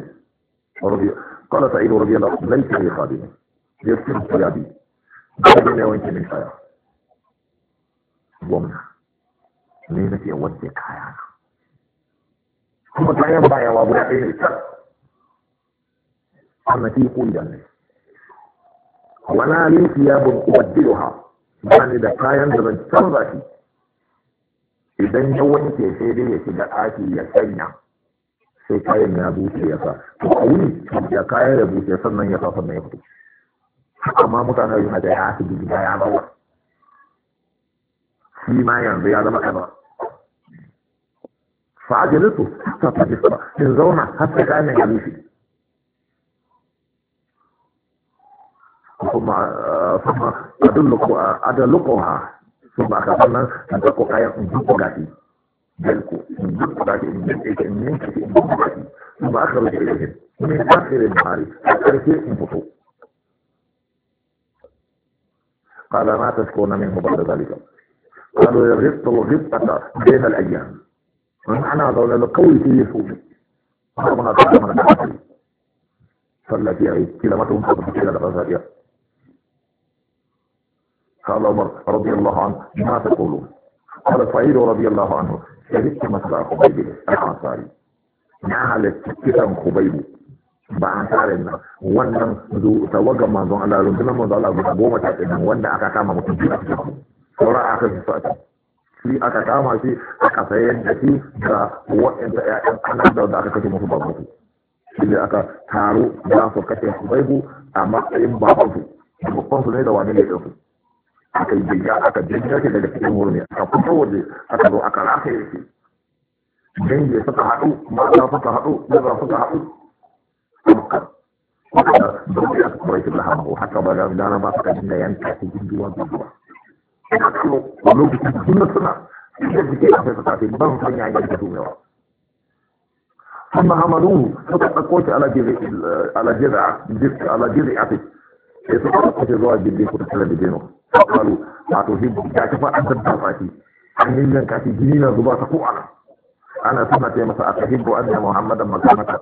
رضي قال سعيد رضي الله عنه ليس لي خادم يكتب ثيابي بعدين وانت من خير ومنع ليلة أودي كايانا هم تلاقيهم بايا وابو يعطيني الشر أما تيقول جنبي Wani wala li thiyabun ubaddiluha ba ni da kayan da zan canza shi idan ya wanke sai dai ya shiga ɗaki ya sanya sai kayan ya bushe ya sa to a wuni ya kayan ya bushe sannan ya sa sannan ya fito amma mutane yana da ya su gida ya bawa shi ma yanzu ya zama kaza fa'ajilitu ta tafi in zauna har sai kayan ya bushe ثم ثم أدلك أدلكها ثم أكملنا أدلك كايا جبلتي جلكو جبلتي ثم أخرج إليهم من آخر النهار أكرتي انفطوا قال ما تشكون منه بعد ذلك قالوا يغط الغبطة بين الأيام ومعنى هذا القول في يسوع ربنا تعالى من الأحد صلى فيها كلمتهم صدق كلمة قال عمر رضي الله عنه ما تقولون قال سعيد رضي الله عنه شركت مسرى خبيب الأنصاري na halatta kiran Hubaibu ba an tare nan wannan tawagan manzon Allah rundunar manzon Allah guda goma ta ɗin wanda aka kama mutum biyu a cikin saura aka fi sata shi aka kama shi aka sayar da shi ga waɗanda ƴaƴan kanan da aka kashe musu babu su shi ne aka taru za su kashe Hubaibu a matsayin babansu babban su ne da wani aka yi jirga aka jirga shi daga cikin wurin aka fito waje aka zo aka rataye shi dangi suka haɗu mata suka haɗu maza suka haɗu haka dole a kwarai da hamu haka ba da dana ba suka dinga yanka shi ginduwa zuwa. ina kallo a lokacin suna suna inda jike a sai suka fi ban san ya yanka tumewa ثم حملوه فتحققوش على جذع على جذع على جذعته sai suka kwace zuwa jirgin kudu talabijin faru wato hibbi ya kafa an tabbata fati an yanyan kafi jini na zuba ta ko'ana ana suna ce masa a hibbu an da muhammadan makamata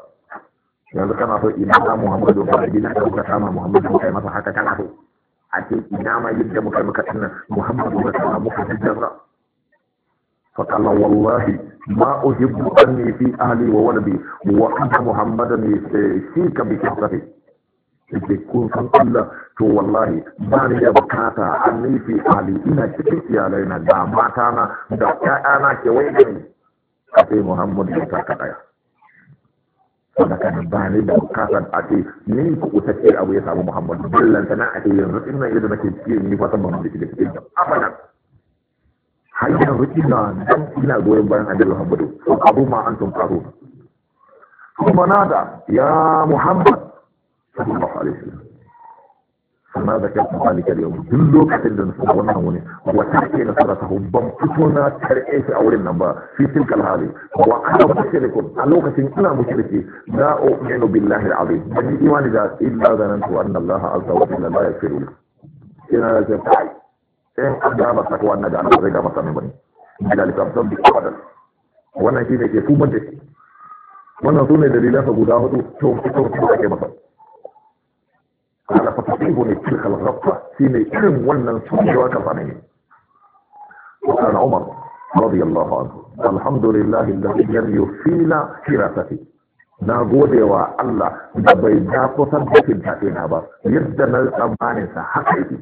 yanzu kana so ina ta muhammadu ba jini da kuka kama muhammadu kai masa haka kana so a ce ina ma yadda muka muka tana muhammadu ba ta muka jidda ba فقال والله ما أحب أني في أهلي وولدي وأنت محمدا يشيك بكثرتي suke kun san Allah to wallahi ba ni da bukata an nufi ali ina cikin iyalai na da mata na da ƴaƴana ke wai da ni a sai Muhammad ya ta kaɗaya. Sadaka kan ba ni da bukata a ce ni ku kutacce abu ya samu Muhammad ballanta na a ce yanzu ina yadda nake cikin ni fatan Muhammad da cikin da abadan. Har yanzu ina dan ina goyon bayan Annabi muhammadu abu ma an tun faru. Kuma nada ya Muhammad صلى الله عليه وسلم فما ذكرت ذلك اليوم كله كتل نصرنا هوني وتحكي نصرته بمتنا ترئيس أول النبا في تلك الهالي وأنا مشرك ألوكة أنا مشركي لا أؤمن بالله العظيم من إيمان ذات إلا ظننت أن الله عز وجل لا يغفر لي إن أنا تعي إن أدعى بسكوى أن أدعى بسكوى مثلا من بني بذلك أبدأ بقدر وأنا كده كده كوبا جسي وأنا أظن دليلها فقداه تو تو تو تو على فتصيبني تلك الغطة فيما يكرم ولمن صحيواك ظنين وكان عمر رضي الله عنه الحمد لله الذي لم يفينا كرافتي نا قودي وا الله دبي دا قصد بكي بكي نابا يدنا الأماني سحكيتي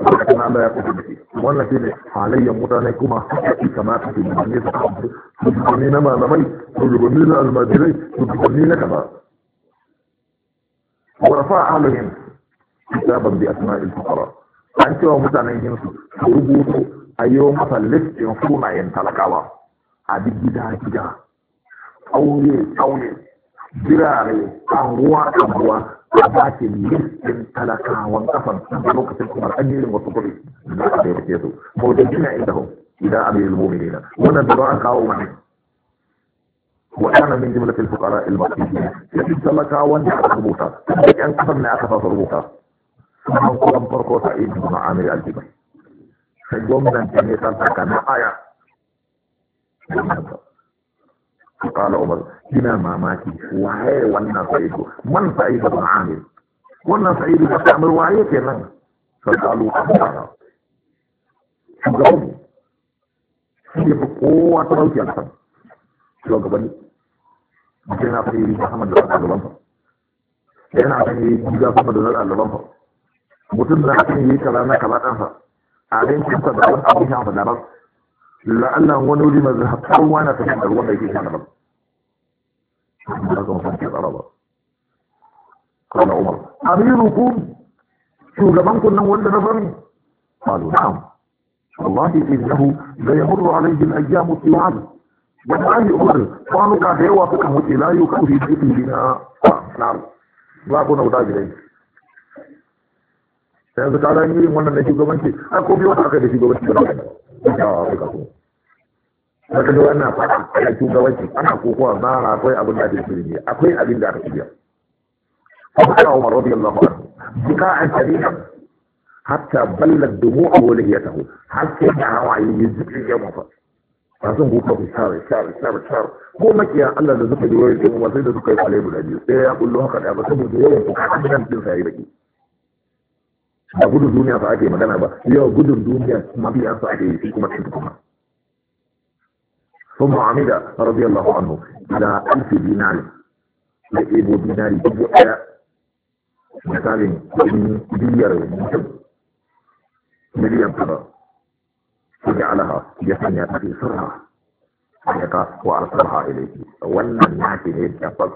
لكن الله يقول لك وانا في علي مدانه كما حقتي كما تبني من يزعب تبني نما نمي تبني نما نمي تبني نما نمي تبني نما نمي a أهلهم كتابا بأسماء الفقراء أنت ومتانا يجنس تربوه أيوم فلست ينفرون أن تلقوا أبي a جدا أولي أولي birare anguwa anguwa a bakin listin talakawan kafan a lokacin kuma ajiyin wasu kuɗi da aka yi su mawajin jina inda hau idan abin ilmomi ne na wannan da ba a kawo wani وانا من جمله الفقراء المسلمين يجب لك وانت ربوطا تبقى ان قبلنا اخذ ربوطا ثم قرم فرقو سعيد من عامر الجبل فجملا كان تلتك معايا فقال عمر هنا ما ماتي وهي وانا سعيد من سعيد من عامر وانا سعيد من عامر وعيه كنا فقالوا أبناها شو قوة تروي الحمد شو قبلي yana sai riga muhammad da ɗaliban fa yana da mutum na sai yi kaza na kaza ɗan fa a rin kusa da wani abin shafa da ran la'allan wani wuri mai zafar wani ta kan wanda da yake shafa da san ke ba kala umar amirukum shugaban wanda na sani قالوا نعم والله إنه لا عليه الأيام طوال wallahi umar kwanuka da yawa suka wuce la yi kuri da ikin gina na ba ku na guda gidan yanzu ka wannan shugabanci ai ko da shugabanci da ya suka so daga da wannan fata da shugabanci ana kokowa ba na akwai abin da ke akwai abin da yamma fa. kafin ku kafin share share share share ko makiya Allah da suka yi wani kuma sai da suka yi kwalai guda biyu sai ya kullu haka da ba saboda yawan ku kafin nan din sai baki A gudun duniya fa ake magana ba yau gudun duniya kuma biya ake yi kuma sai kuma ثم عمد رضي الله عنه إلى ألف دينار لإبو دينار أبو أيا مثال بير مليون ترى وجعلها يسمي في سرها حقيقة وأرسلها إليه ولا ناتي هيك يقصد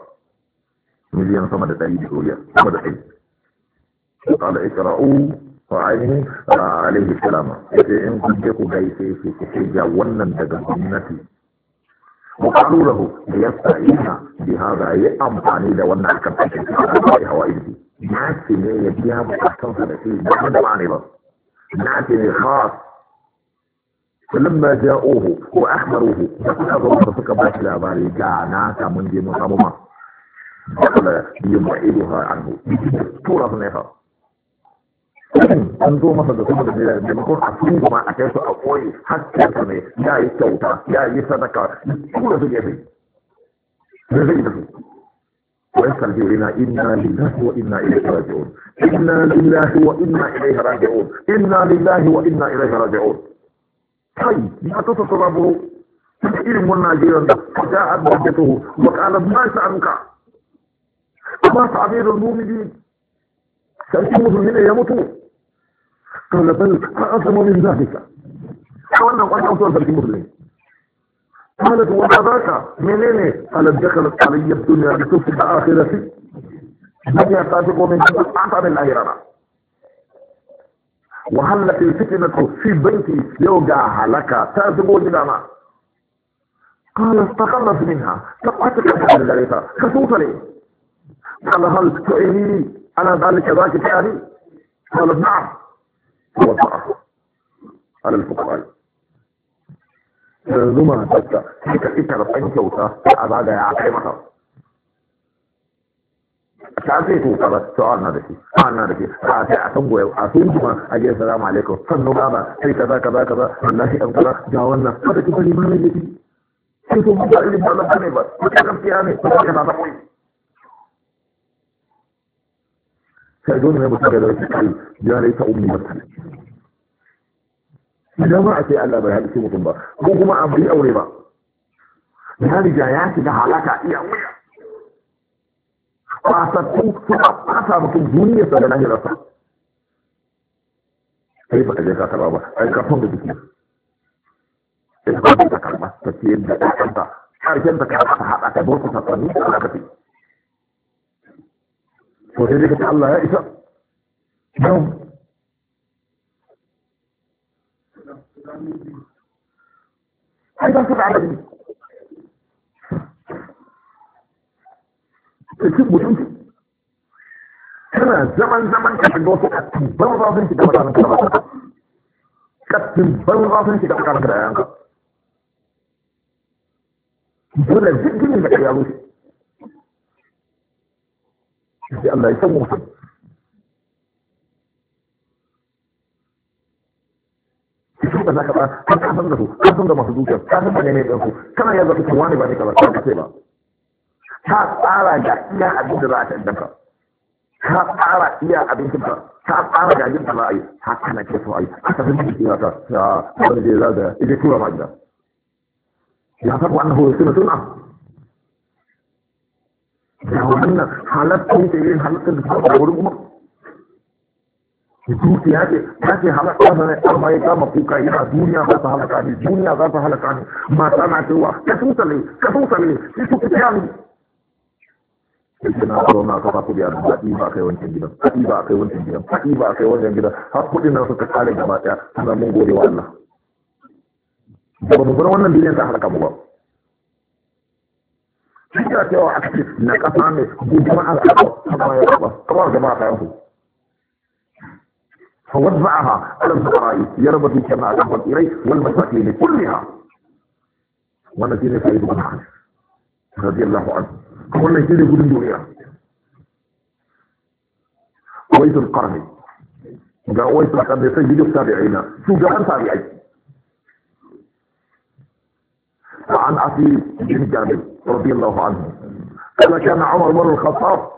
مليون صمد تتأييد سوريا صمد تحيد قال اقرأوا وعينه عليه السلام إذا إن كنت جايسي في كتيجا ونن تجنبنتي وقالوا له ليستعين بهذا يأمطاني لو أن أحكم أشياء على هوائده ناتي ليه يجيها بأحكم فلسي نحن دمعني بس ناتي خاص فلما جاءوه واخبروه يقول هذا الرجل فك بلاش الاعمال جاءناك من دي مصابوما يقول يبعدها عنه بجدر صورة أنتو مثلا تقول لي لما كنت أقول لك ما أكيس أقول حتى أنا يا يتوتا يا يصدق كل شيء في رزقنا ويسأل في إنا لله وإنا إليه راجعون إنا لله وإنا إليه راجعون إنا لله وإنا إليه راجعون kai ya to to babu irin wannan jiran da ja addatuhu wa qala ma sa'aluka amma sa'irul mu'minin sarki musulmi ne ya mutu qala bal a'zamu min zalika wannan wannan suwar sarki musulmi قالت ta ذاك منين da دخلت علي الدنيا ta اخرتي لم ta ta اعظم lahirana وهلك الفتنة في بيتي يوجع لك تأذبوا لنا قال استقرت منها تقعت كبيرة للغيثة خصوصا لي قال هل تؤهيني أنا ذلك ذاك تاري قال نعم وضعه على الفقراء ترزمها تبتا تكتب انت وتا تعبادها يا عقيمتها ta zai ko ka ba to ana da shi ana da ke, a sai a san goyo a sun kuma a je salamu alaikum san no baba sai kaza kaza kaza wallahi an kaza ga wannan kada ki bari mana yake sai to ba da ba na ne ba ko ta kafiya ne ko da ba koyi sai don ne mutaka da shi kai ya rai ta ummi mutane idan ba a ce Allah bai haɗu mutum ba ko kuma a bai aure ba ya riga ya shiga halaka iya wuya fasattun suna fasa mutum duniyarsa da lahirarsa kai baka je ka karba ba ai ka funda jiki sai ka funda karba ta ce da ɗanta karshen ta karba ta haɗa ta bauta ta tsani da aka fi to sai daga Allah ya isa don ai ba su da abin ta ci kana zaman zaman ka shiga wasu kattin banza sun shiga mutanen ka kattin banza sun shiga mutanen ka da yanka dole zikin da yaro sai Allah ya san mutum cikin da zaka ba ka san da su ka da masu zuciya da ne mai ɗansu kana yanzu wani ba ne ka ba ka ce ba ta tsara ga iya abin da za a tantaka ta tsara iya abin da ta tsara ga yin da yi ta kana ke so ta aka san na ta ta wanda zai zaga ita tura ma gida ya fa wannan hoye suna suna da wannan halattun da yin halattun da ta wurin kuma dukiya ce ta ce halakka da ne amma ya kama kuka yana duniya za ta halaka ne duniya za ta halaka ne mata na cewa ka sun sale ka sun sale sai su fita ne sai na tsaro na kafa kudi a daɗi ba kai wancan gidan daɗi ba kai wancan gidan daɗi ba kai wancan gidan har kudin nan suka kare gaba ɗaya suna mun gode wa Allah ba mu bar wannan duniyar ta halaka mu ba shi ya cewa a cikin na ƙasa ne jama'a da aka kama ya kaba kamar jama'a ta yanku فوزعها على الفقراء يربط كما تحفظ إليه والمساكين كلها ونزل فائدة عنه رضي الله عنه كون لاي تيري بودو نيا ويد القرن جا ويد القرن في جيد شو جا تابعي وعن أبي بن جابر رضي الله عنه كما كان عمر بن الخطاب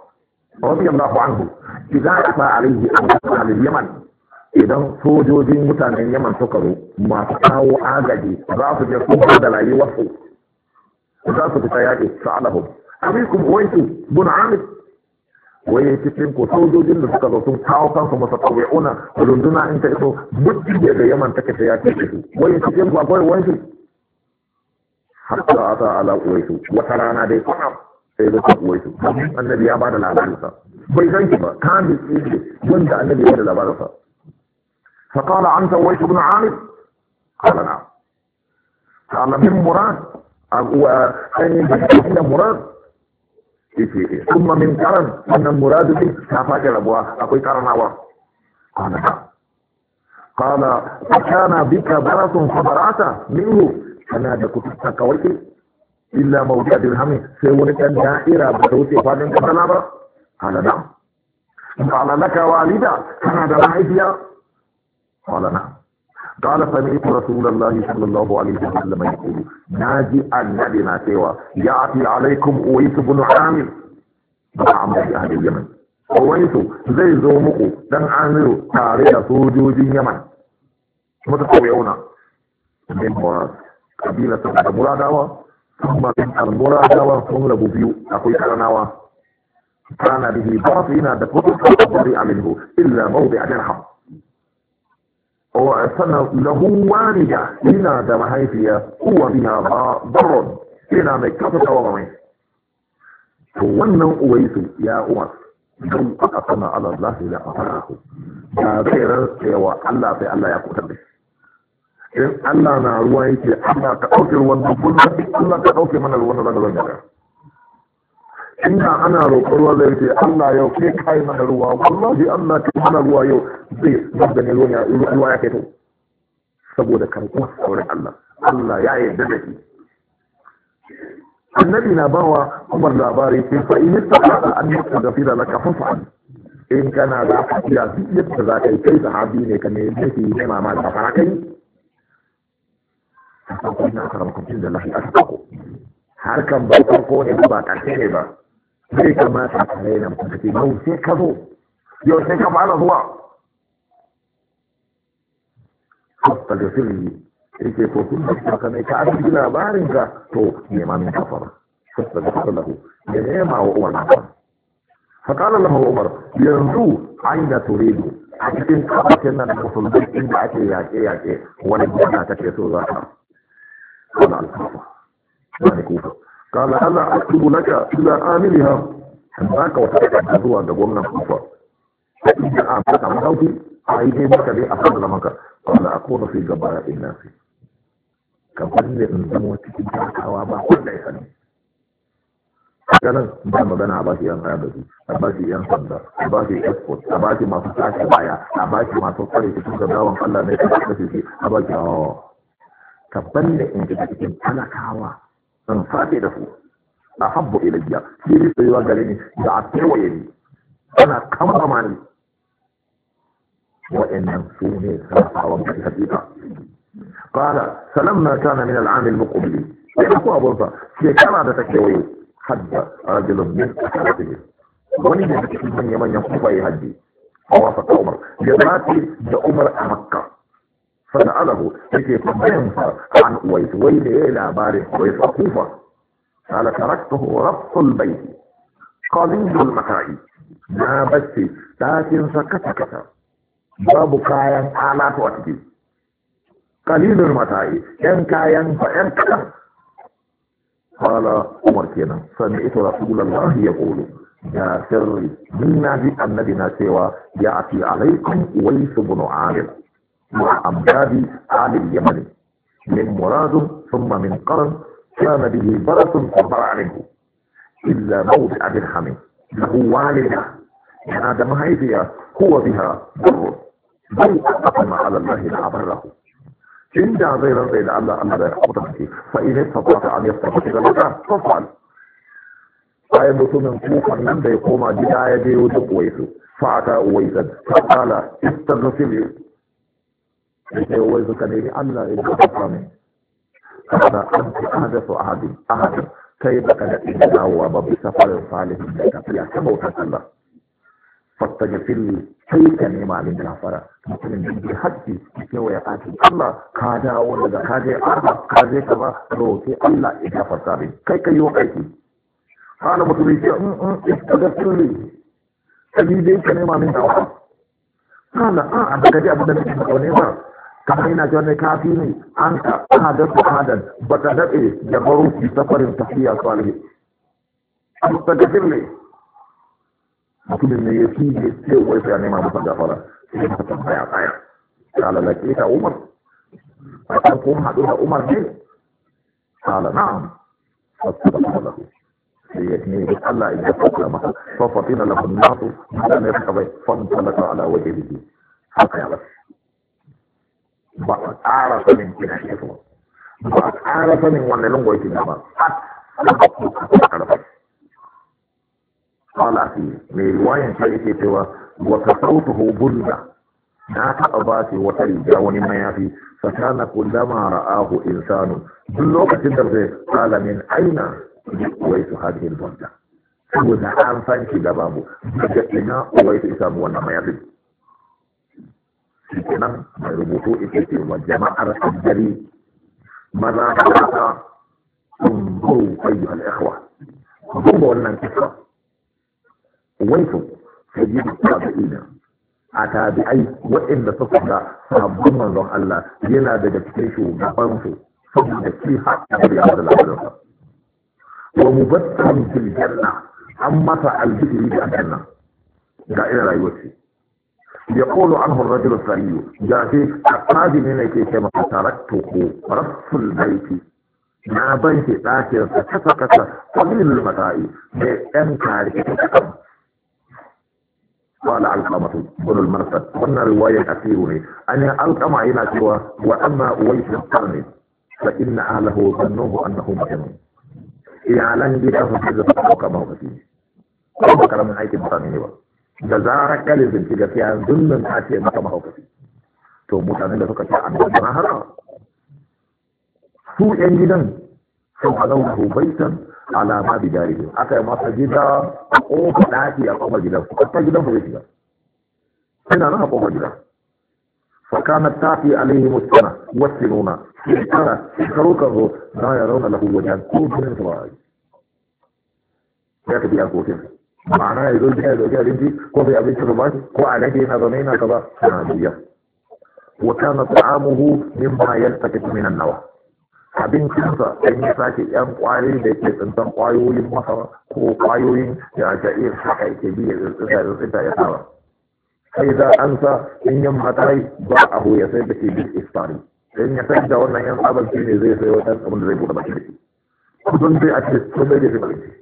رضي الله عنه إذا أتى عليه ان اليمن idan اليمن اذا yaman suka اليمن masu ما agaji za su je su da za su fita yaƙi sa'alahum amikum waitu bun Wai waye cikin ko sojojin da suka zo sun kawo kansu masa tawi'una runduna in ta iso bukki da ga yaman take ta yaƙi su waye cikin ku akwai waitu hatta ta ala waitu wata rana dai kwana sai da ta waitu annabi ya bada labarinsa bai zan ki ba kan da shi wanda annabi ya bada labarinsa فقال عنك ويس بن عامر قال نعم قال من مراد وhanyar murad مراد إيه، إيه، إيه. ثم من كرم wannan المراد به كافاك fata rabuwa كرم karanawa قال قال فكان بك برس فبرعت منه أنا دكت تكويت إلا موجع درهم سيونك دائرة بروتي فادن قال نعم قال لك والدة كان دمائي قال نعم قال سمعت رسول الله صلى الله عليه وسلم يقول ناجي النبي ما سوى ياتي عليكم اويس بن عامر بعمر اهل اليمن اويس زي زومكو دان عامر تاريخ سوجوج اليمن متقويون من مراد قبيلة المرادوة ثم من المرادوة هم بيو أقول كرناوة كان به باطنا دفوت الخبر منه إلا موضع جرحه sannan lahu walida yana da mahaifiya uwa ba baron yana mai kafa tawa mai to wannan uwaisu ya uwa don aka sana ala zahi da afarahu da zai rantsewa Allah sai Allah ya kutar da Allah na ruwa yake Allah ka ɗauke Allah ɗauke mana ruwan da zaka zanga ina ana roƙon ruwa zai ce Allah yau ke kai mana ruwa wallahi Allah ke mana ruwa yau zai zaba ne ruwa ya kai to saboda karkuwa saurin Allah Allah ya yi da shi annabi na bawa Umar labari sai fa in istata an yaghfira laka fa'al in kana da fatiya duk yadda za ka yi kai sahabi ne ka ne da ke yi mama da fara kai har kan da ba farko ne ba ƙarshe ne ba ليس ما تنفع علينا مخلفين يوثقه يوثقه على الله حتى لسره لكي تكون مشتاقا لك عن بلا بارك تو يما من كفر حتى ذكر له ينام وهو نعم فقال له عمر ينزو عين تريد حتى قبلت ان نقصل بك ان بعت يا كي يا كي ولد ما تكيسو ذاكر هذا الكفر هذا الكفر قال انا اكتب لك الى عاملها حماك وتركك بدو عند قومنا كوفا فاذا اعطيت عن خوفي اعيد بك بي افضل لمك قال اكون في جبراء الناس كفن انتم وتكتب لك وابا كل ليسن كان ما آه. مدن عباسي ان عبدي عباسي ان صدى عباسي اسقط عباسي ما تصاش بايا عباسي ما تصاري تكون جبراء الله ما يتصاش بك عباسي اه كفن انتم وتكتب لك in fate da su a habbo ilayya shi ne tsayuwa gare ni da a ni ana kama ma ni wa'annan su ne قال فلما كان من العام المقبل يحكوا أبو رفا في كما تتكوي حد رجل من أحدهم ونجد من يمن يقوم بأي هدي ووافق عمر جماعتي عمر أمكة فسأله لكي تنبيهنسا عن قويس ويلي إيه لأباري قويس وكوفة قال تركته ربط البيت قليل المتاعي ما بس لكن سكت كتا باب كايا حالات واتجي قليل المتاعي ان كايا فان كتا قال عمر كينا سمعت رسول الله يقول يا سري منا بأن النبي سوى يأتي عليكم ويس بن عامر مع علي اليمن من مراد ثم من قرن كان به برس فضر عليه إلا موت أبي الحميد له والدة من آدم هيفية هو بها بر بل أقم على الله لعبره إن جاء غير الغير على أن لا فإن استطعت أن يستطيع لك فافعل bayan mutumin kofar nan da ya koma gida ya فقال wajen sai wai suka ne Allah ya ga kwami kasa an ta ada so abi ahad kai baka da dawowa ba bisa fara salihin da ka fiya ta bauta kalla fattaje filli kai ka ne malin da fara mutum da ke haddi waya ati Allah ka dawo daga ka je aka ka Allah ya gafarta bi kai kai yo kai hala mutum ya ce in in ita da dai ka a daga abin da kake da ba kamar yana cewa ne kafi ne an ka ana da su adan ba ta daɗe da baro ki safarin tafiya salihi an ta gafir ne mutumin ne ya fi ne sai wai sai nema masa gafara sai ka tambaya tsaya kala laƙi ta umar a kan kuma haɗu da umar ne kala na'am fasara sai ya ne duk Allah ya fasa masa fafatina lahum nasu mutane suka bai fantalaka ala wajhihi haka ya bas ba ku arafa min kina shirwa ba ku arafa min wanda nan gwaiki na ba ba ba ku arafa kala fi mai riwayan ta yake cewa wata sautu ho na taɓa ba ce wata wani mayafi fasana kullama ra'ahu insanu duk lokacin da zai kala min aina wai su hadin bulla saboda an fanki da babu daga ina wai su isa wannan mayafi kenan mai rubutu ita ce wa jama'ar addari maza da mata sun buru ayyu al'ikhwa duba wannan kisa waifu sai yi da ina a tabi'ai waɗanda suka da sabbin manzon Allah yana daga cikin shugabansu saboda shi haɗa da yawon labarinsa wa mubattan fil janna an masa albishiri da aljanna ga ina rayuwar shi يقول عنه الرجل الثري جاهز أقاد من كما تركته رف البيت ما بيت آخر ɗakin sa kasa بأن kwallon mata'i قال علقمة بن المرسل قلنا رواية أثيرني أن ألقم إلى سوى وأما أويس القرن فإن أهله ظنوه أنه مجنون إعلان إيه، بأنه في ذلك كما هو فيه. أو بكرة من أيدي da zarar kare bincike gaskiya zulmin a ce maka mahaukaci to mutanen da suka ce an da haka su yan gidan sun halau ko baitan alama bi jari aka yi masa gida a kofa daki a kofa gidan ku kofa gidan ku shiga ina nan a kofa gidan فكانت تأتي عليهم السنة والسنون شكرا شكروكه لا يرون له وجه كل من الرأي يكفي أنكوتين ma'ana ya zo gida ya dauki abinci ko sai abinci ka bashi ko a nake yana zaune yana kaza yana biya wa kana ta'amuhu mimma yaltaqitu min an-nawa abincinsa an yi sake yan kwari da yake tsantsan kwayoyin masara ko kwayoyin da ja'ir haka yake bi ya tsintsa ya tsintsa ya saba sai da an sa in yan matai ba a hoya sai da ke bin istari in ya sai da wannan yan tsabar ne zai sai wata abin da zai buɗe baki da shi kudin dai a ce sun bai da shi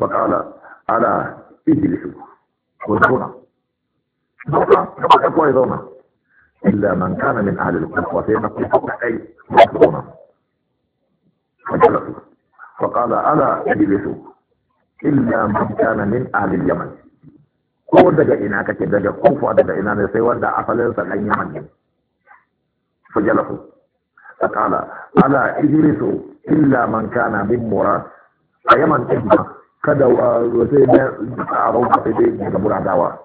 فقال على اجلسه والزرع زرع كما الا من كان من اهل القصوة فيما تقوى اي مصرونا فقال على اجلسه الا من كان من اهل اليمن هو دجا انا كتب دجا كوفا دجا انا نسيوا دا افلنسا لن يمن فجلسه فقال على اجلسه الا من كان من مراد a yaman ɗin ba kada wasu na tsaron kafa dai da muradawa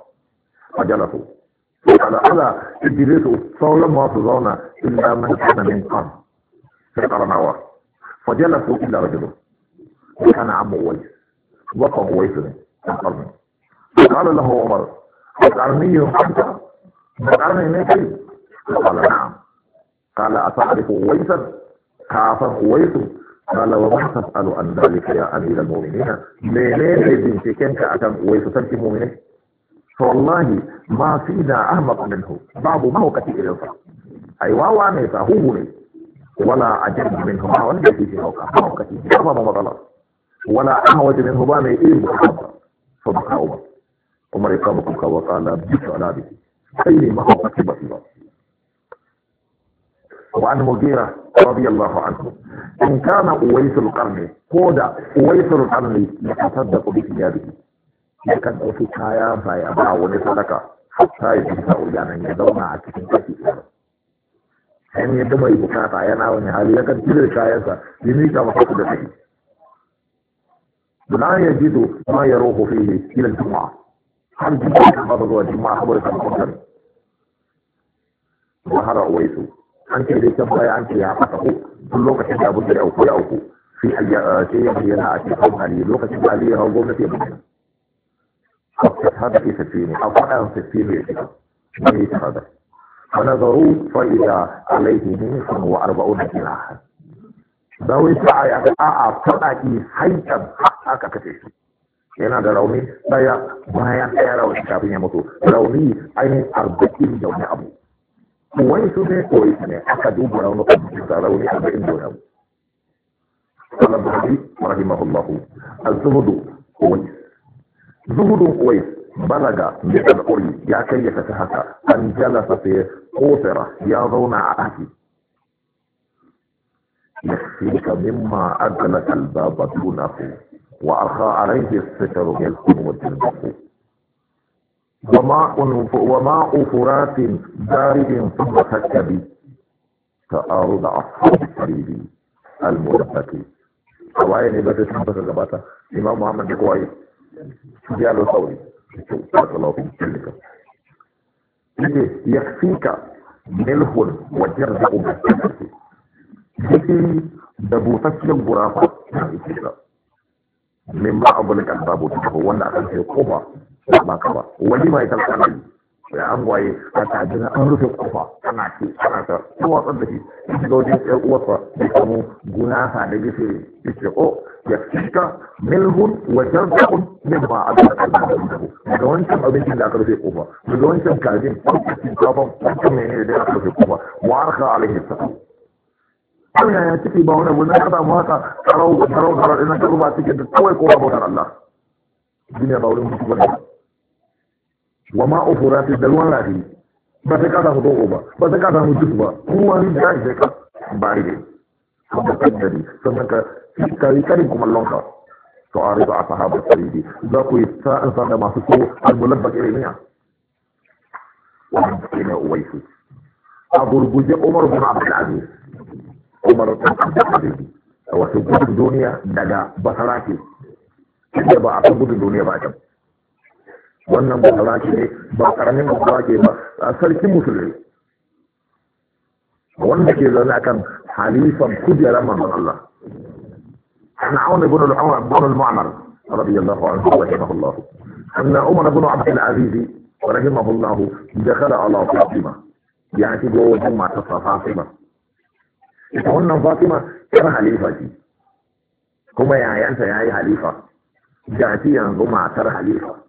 a jalasu ala ala idrisu sauran masu zauna illa man kana min kan sai karamawa fa jalasu illa rajulun كان عم ويس وقف ويس القرن قال له عمر القرني حتى القرن ناكل قال نعم قال أتعرف ويسا كافر ويس قال وما تسأل عن ذلك يا أمير المؤمنين منين بنتكنك أكم ويتسلك مؤمنين فوالله ما فينا أهمق منه بعض ما هو كثير الفرق أي واوا ميتا هو مي ولا أجل منه ما هو الذي في هوكا ما هو كثير ما هو مضلل ولا أهوج منه ما مي إيه فبقى عمر عمر يقام وقال بشعر هذه أي ما هو كثير وعن مغيرة رضي الله عنه إن كان أويس القرن كودا أويس القرن يتصدق بثيابه لكن أوفي كايا فيا باع ونسلك حتى يجلس أولانا يدونا عكسين كثيرا أن يدوم يبقى تعينا ونهالي لكن كل كايا سا يميك وحفظ فيه لا يجد ما يروه فيه إلى الجمعة هل جمعة حفظه الجمعة حبرة المنزل ظهر أويسه أنت اللي تبغي أنت يا عقبه كل لغة لابد أو كل أو كل في أي شيء هي لا تفهم هذه لغة اللي هي لغة في أبوك أفتح هذا كيف فيني أو أنا أفتح فيه كيف فيني هذا فنظروا فإذا عليه منكم وأربعون جناحا باوي ساعة يعني أعب تبعي حيث بحقك كتير هنا ده لو مين بايا ما هي أنت يا روش كابين يا مطور لو مين أين أربعين جوني أبوك wani su zai koyi ne aka duba raunukan da suka rauni a bayan قال البخاري رحمه الله الزهد كويس زهد كويس بلغ من القري يا كي يتسهك أن جلس في قوطرة يا ذون عهدي يكفيك مما أدلك الباب دونه وأخى عليه الستر يلكم وتلبسه وماء وماء فرات بارد ثم فك بي تعارض عصب الحبيب المدبك هواي اللي بدت تنبس الغباطة إمام محمد كواي جعله ثوري الله يكفيك ملح وجرد أمك دبوتك برافق min ba abu da babu ta ko wanda aka ce kofa ba ka ba wani mai talaka ne ya an waye a tajin an rufe kofa ana ce, ana ta kuma tsan da shi shi ga wajen ɗan uwarsa ya samu guna sa da gishi ya ce o ya oh, fika milhun wa jarfa'un min ba abu da kan babu daga wancan abincin da aka rufe kofa daga wancan kajin wancan shinkafan wancan menene da aka rufe kofa wa arka alaihi salam ko ya ciki ba wani mun ka samu haka tarau tarau tarau idan ka ruba cikin da kawai ko babu Allah duniya ba wurin mutu bane wa ma ufurati da ruwan rafi ba sai ka samu dogo ba ba sai ka samu jus ba ruwan da ya sai ka bari ne ka kaddari sannan ka kai karin kumallon ka to aridu ashabu saridi za ku yi sa'an sa da masu so al-mulabbaq ilayya wa min kina uwaisu a gurguje umar bin abdul aziz عمر او سجود الدنيا دجا بصراكي كده بقى سجود الدنيا بقى كم وانا بصراكي دي بصراني مصراكي بس اصل كم مسلم وانا كده انا كان حليفا خد يا من الله احنا عاون بن العمر بن المعمر رضي الله عنه ورحمه الله ان عمر بن عبد العزيز ورحمه الله دخل على فاطمه يعني جوه جمعه فاطمه ita wannan fatima yar halifa ce kuma yayanta ya yi halifa ga shi yanzu matar halifa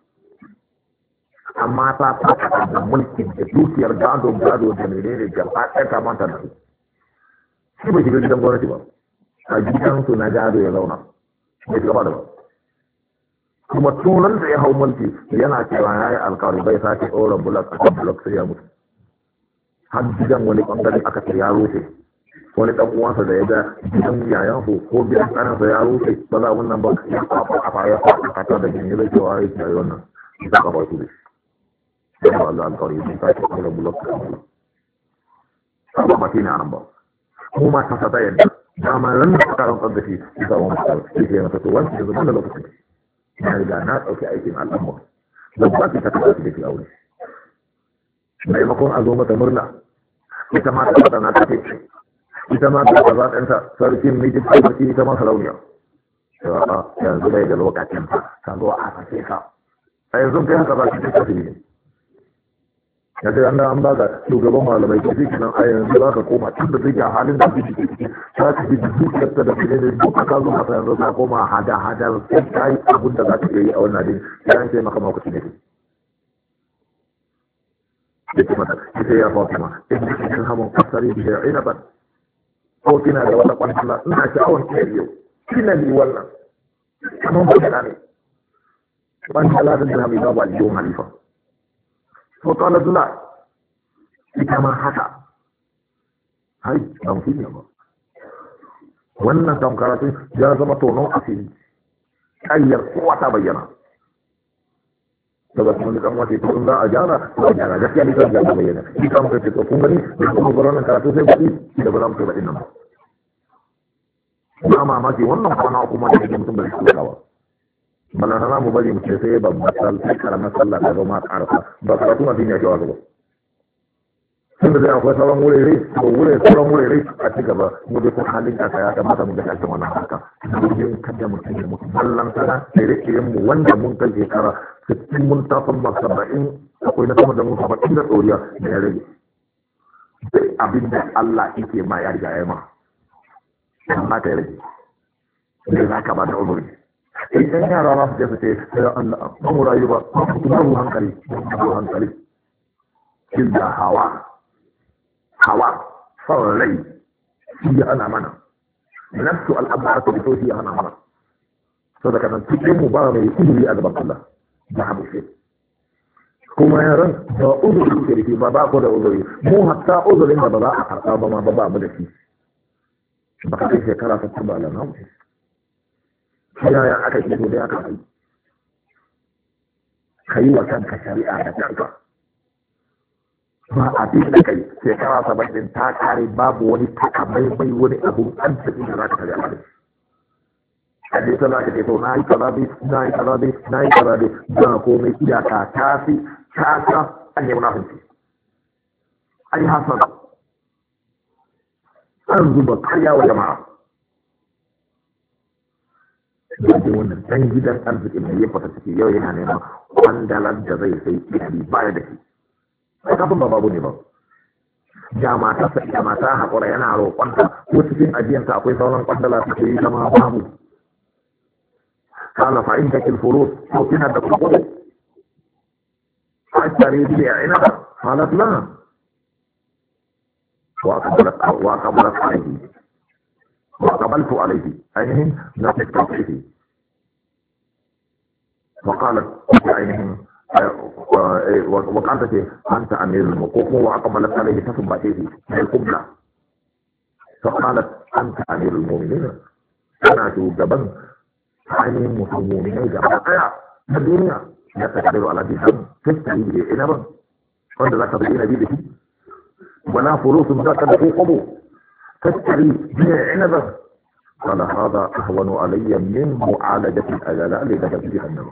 amma ta fata da mulkin da dukiyar gado gado da menene gaba ɗaya ta manta da su shi ba shiga gidan gwamnati ba a gidansu na gado ya zauna bai gaba ba da ba kuma tunan da ya hau mulki yana cewa ya yi alkawarin bai sake tsoron bulak a kan bulak sai ya mutu har gidan wani ɓangare aka ce ya rufe wani ɗan uwansa da ya ga gidan yayan ko ko gidan kanansa ya rufe ba za wannan ba ya kafa a fara ya kafa da gini zai cewa ya yi wannan ita ka ba su ne da ba za a kawai sun tashi kuma da bulok da bulok ba ba ne a nan ba mu ma ta yadda. Ba ma ran da suka rantsar da shi ita wani matsala shi ke masa to wani yanzu da lokacin na riga na ɗauki aikin al'amma da ba su ta tafi da ke aure maimakon a zo mata murna ita ma ta fata na ta ce ita ma ta kaza ɗanta sarkin mijin sarki ita ma sarauniya yanzu bai da lokacin ta ka zo a sake ka a yanzu kai haka ba ki ta tafi ne ya ce an da an baka shugaban malamai ko shi nan a yanzu za ka koma tun da take halin da kike ciki za ka ji dukkan ta da kike ne duk ka zo ka yanzu ka koma hada hada sai kai abun da za ka yi a wannan din ya an ce maka ma ku ci ne da kuma da ita ya kuma in kin hamu kasari ina ba ko kina da wata kwantala ina sha'awar kiyar yau kina ne wannan kamar magana ne kwantala da dirhami zaba aljihun halifa ta kala zula ita ma haka hai ban fi ba wannan kan karatun ya zama tonon asiri ƙayyar kowa ta bayyana saboda wani kan wata ita za a ah, gyara za a gyara gaskiya ni kan gyara bayyana shi kan kai ko kun gani da kuma gurin karatu sai kuɗi da ba za mu kai ba nan ba mamaki wannan kwana kuma da yake mutum bai shi kawa balana mu bari mu ce sai babbar sallah karamar sallah da zama karfa ba karatu ma din ya shawa gaba tunda da akwai sauran wurare to wurare sauran wurare a ci gaba mu dai kun halin kasa ya kamata mu ga karshen wannan haka domin kada mu tsaye mu ballan sana da rikiyen mu wanda mun ke kara. cikin mun tafan ma saba'in akwai na sama da mun saba'in da tsoriya da ya rage sai abin da Allah yake ma ya riga ya ma amma ta rage ne za ka ba da umuri idan yara za su je su ce sai Allah ba mu rayuwa, mu hankali ba mu hankali kin da hawa hawa son rai shi ya ana mana nafsu al'amara ta fito shi ya ana mana sau da kanan cikin mu ba mai kuduri a gaban Allah ba abu shi kuma yaran ba uzuri shirki ba ba ku da uzuri mu hatta uzurin da ba za a karɓa ba ma ba ba mu da shi ba ka kai shekara ta tuba da namu yaya aka shi da aka yi ka yi wa kanka shari'a da kanka ba abin da kai shekara saba'in ta kare babu wani mai wani abu an tafi da za ka abu a ne ta za ka ce na yi karabe na yi karabe na yi karabe ba komai iyaka ta fi ta ta an yi munafunci an yi hasan an zuba karya wa jama'a da wannan dan gidan arziki mai yin fata ciki yau yana neman wanda da zai sai iyali baya da shi sai kafin ba babu ne ba ga mata sai mata hakura yana roƙonta ko cikin ajiyanta akwai sauran kwandala ta yi zama babu kala fa in takil furus ko kina da kuɗi hattare biya ina ba halat la wa qabalat wa qabalat alayhi wa qabaltu alayhi ainihin na tattafi wa qalat ainihin وكانت فيه أنت أمير المؤمنين وقبلت عليه تثبت فيه من القبلة فقالت أنت أمير المؤمنين أنا جبن عيني المؤمنين جماعة الدنيا لا تقدر على جهاد تستعي بإنبا وأنت لا تبين بيده ولا ذات ذاك قبو تستعي بعنبا قال هذا أهون علي من معالجة الأجلاء لذهب جهنم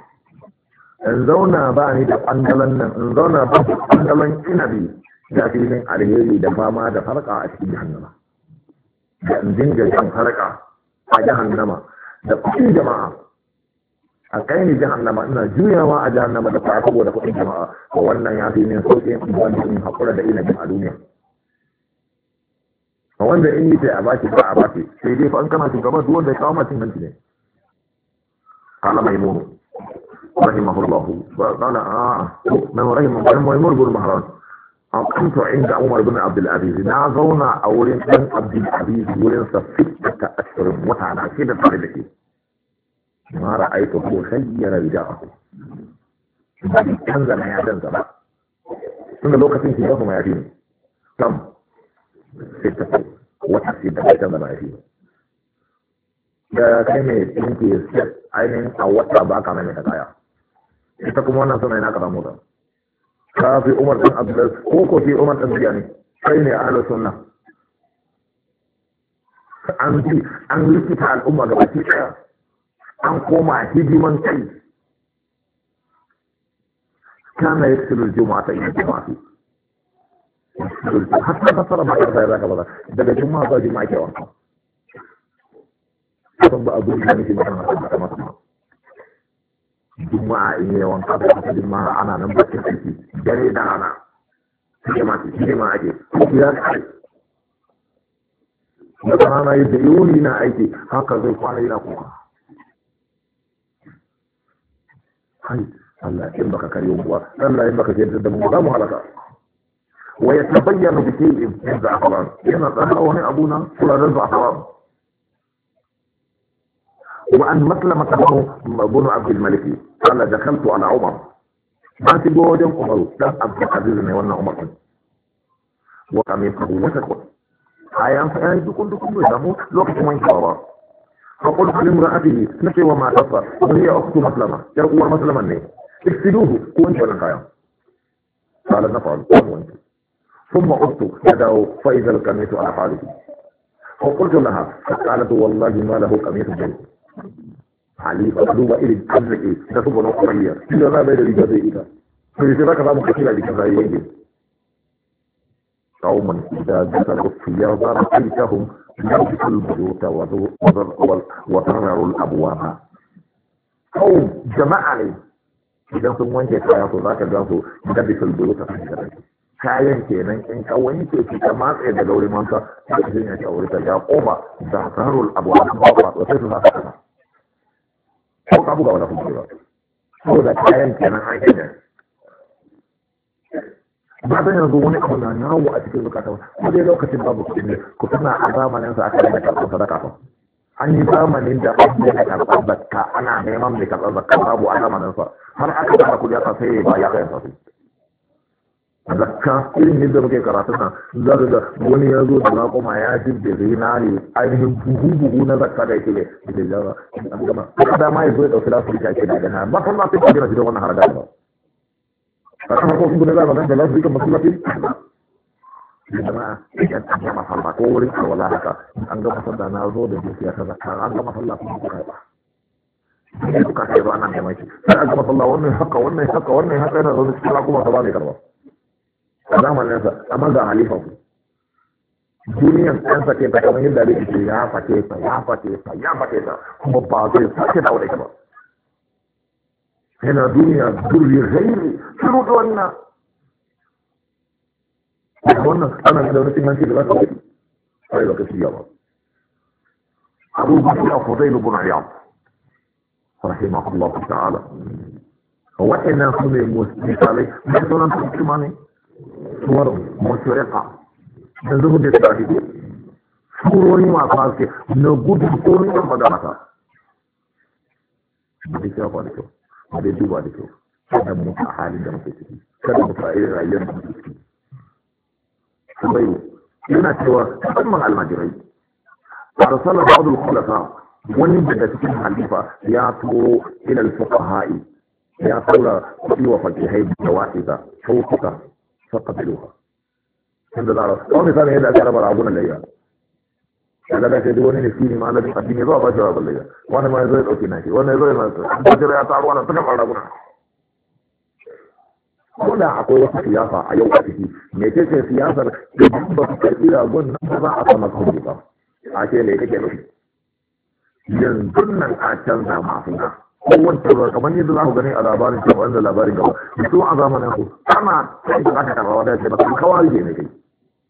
in zauna ba ni da ɓangalan nan in zauna ba da ɓangalan inabi da filin alheri da fama da farka a cikin jahannama da in dinga jan farka a jahannama da kuɗin jama'a a kai ni jahannama ina juyawa a jahannama da fara saboda kuɗin jama'a ko wannan ya fi min ba ni in haƙura da inabin a duniya a wanda in yi ta a baki ba a baki sai dai fa an kana shugaba duk wanda ya kawo mutum hanci ne kala mai mono آه، رحمه الله فقال آه من رحمه الله ويمر بالمهرج أقمت عند عمر بن عبد العزيز نعزونا أولين بن عبد العزيز ولنسى ستة أشهر متعاشرة طالبتي ما رأيته خير رجاءه تنزل ما تنزل بقى من لو كتنت بهم ما يعتنز كم ستة وتحسين ما تنزل ما يعتنز da kai mai tsinke step ainihin a wata ba ka mai kaya ita kuma wannan suna yana karamu ta ka fi umar ɗan abdullahi ko ko fi umar ɗan biya ne kai ne a sunna an bi an likita al'umma ga baki ɗaya an koma hidiman kai kana yi tsirar juma'a ta yi juma'a hatta ta fara ba ƙarfa ya zaka ba daga juma'a zuwa juma'a ke wanka. ba abin da nake magana juma'a in yi wanka da kuma juma'a ana nan bakin aiki dare da rana hidima hidima ake shi ya kare da rana yadda yuri na aiki haka zai kwana yana kuka hai Allah in baka kare mu ba Allah in baka kiyar da mu za mu halaka wa yatabayyana bi za a za'alan yana tsara wani abu na kula da za'alan ما مسلمة بن عبد الملك قال دخلت على عمر ما تبغوا وجه عمر لا عبد العزيز ما يولى عمر وقميصه وسخ حيان فأنت كنت كنت له لوقت من كارا فقلت لامرأته نكي وما تصر وهي أخت مسلمة يقول مسلمة ني اكسدوه كونت ولا حيان قال نفعل كونت ثم عدت يدعو فإذا القميص على حاله فقلت لها فقالت والله ما له قميص جيد ali ba duba irin arziki da su gona inda za mai da riga zai ita to yi za ka samu kashi riga yi ya jama'a ne? idan sun wanke kaya to zaka ga su gabi sulburu ta kayan kenan in ka wanke shi ka matse da wurin manta ta ka jinya ta wurin ya koma da tarul abu ba ba sai su haka ko ka buga wani kuma ba ko da kayan kenan a hanyar ba zan yanzu wani abu na yawo a cikin zukata ba ko dai lokacin babu kuɗi ne ku tana a zamanin sa aka yi karɓar sadaka ba an yi zamanin da an yi karɓar zakka ana neman mai karɓar zakka babu a zamanin sa har aka kama kuɗi aka sai ba ya kai sa zakka irin yadda muke karatu nan za ga wani ya zo da raƙuma ya ji da zinari ainihin buhu-buhu na zakka da yake da jama'a an kada ma dama ya zo ya ɗauki lafiya ta ake da gana ba san lafiya ta gina shi da wannan harga ba a kan harkokin gudu za ka da lafiya kan masu lafiya jama'a idan an gama sallah ko wurin ka wala haka an ga masalla na zo da dukiya ta zakka an gama sallah kuma ku karɓa sai ka kai ba nan da maki sai an gama sallah wannan haka wannan haka wannan haka yana zo da cikin kuma ta ba ne karba a zamaninsa amma ga halifa ku duniyan ɗan sake ta kamar yadda rike ce ya fake ta ya fake ta ya fake ta kuma ba zai sake da wadai ba yana duniya durri gairi shiru da wannan da wannan ana da wani cin da za ka wani sai da kashi yawa abu ba ya fudai lubun ayyam rahimahullahu ta'ala wa'annan su ne musulmi salai mai sunan tukuma ne suwar mutu'ika da zuhu da tafi surori masu haske na gudu ko nuna fada mata da kyau ba da kyau ba da duba da kyau kada mu a halin da muke ciki kada mu ta irin rayuwar da muke ciki sabai yana cewa musamman almajirai arsala ba'd al-khulafa wani daga cikin halifa ya turo ilal al-fuqaha'i ya tura kuɗi wa fakihai da wa'iza shaukuka aana yana a aaaadola akwai wau kake siyasar yanzu nan a cana maafika kowane taurari kamar yadda za ku gani a labarin ke wanda labarin gaba da su a zamanin ku ana kai da aka karba wadda ce ba kawai ne kai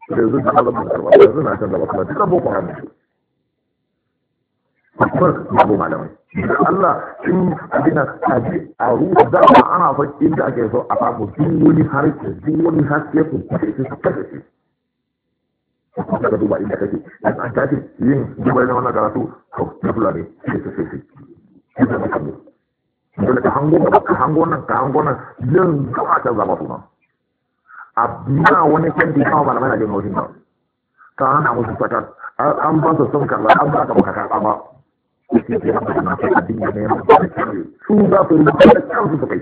da yanzu ta zama da karba yanzu na can da ba kuma duk abu kwa hannu kuma malamai da Allah in abina tafi a ruwa da ana fa inda ake so a samu duk wani harshe duk wani harshe ku kashe shi su kashe shi daga duba inda kake an tafi yin duba na wannan karatu to na fulani sai su sai su dole ka hango ba ka hango nan ka hango nan zan zuwa ta zama suna a ba wani kan bi kawo malamai na jin haushin ba ta hana musu fata an ba su sun karɓa an ba ka baka karɓa ba yake ke haka na a addini ne ya mutu su za su rubuta da kansu su kai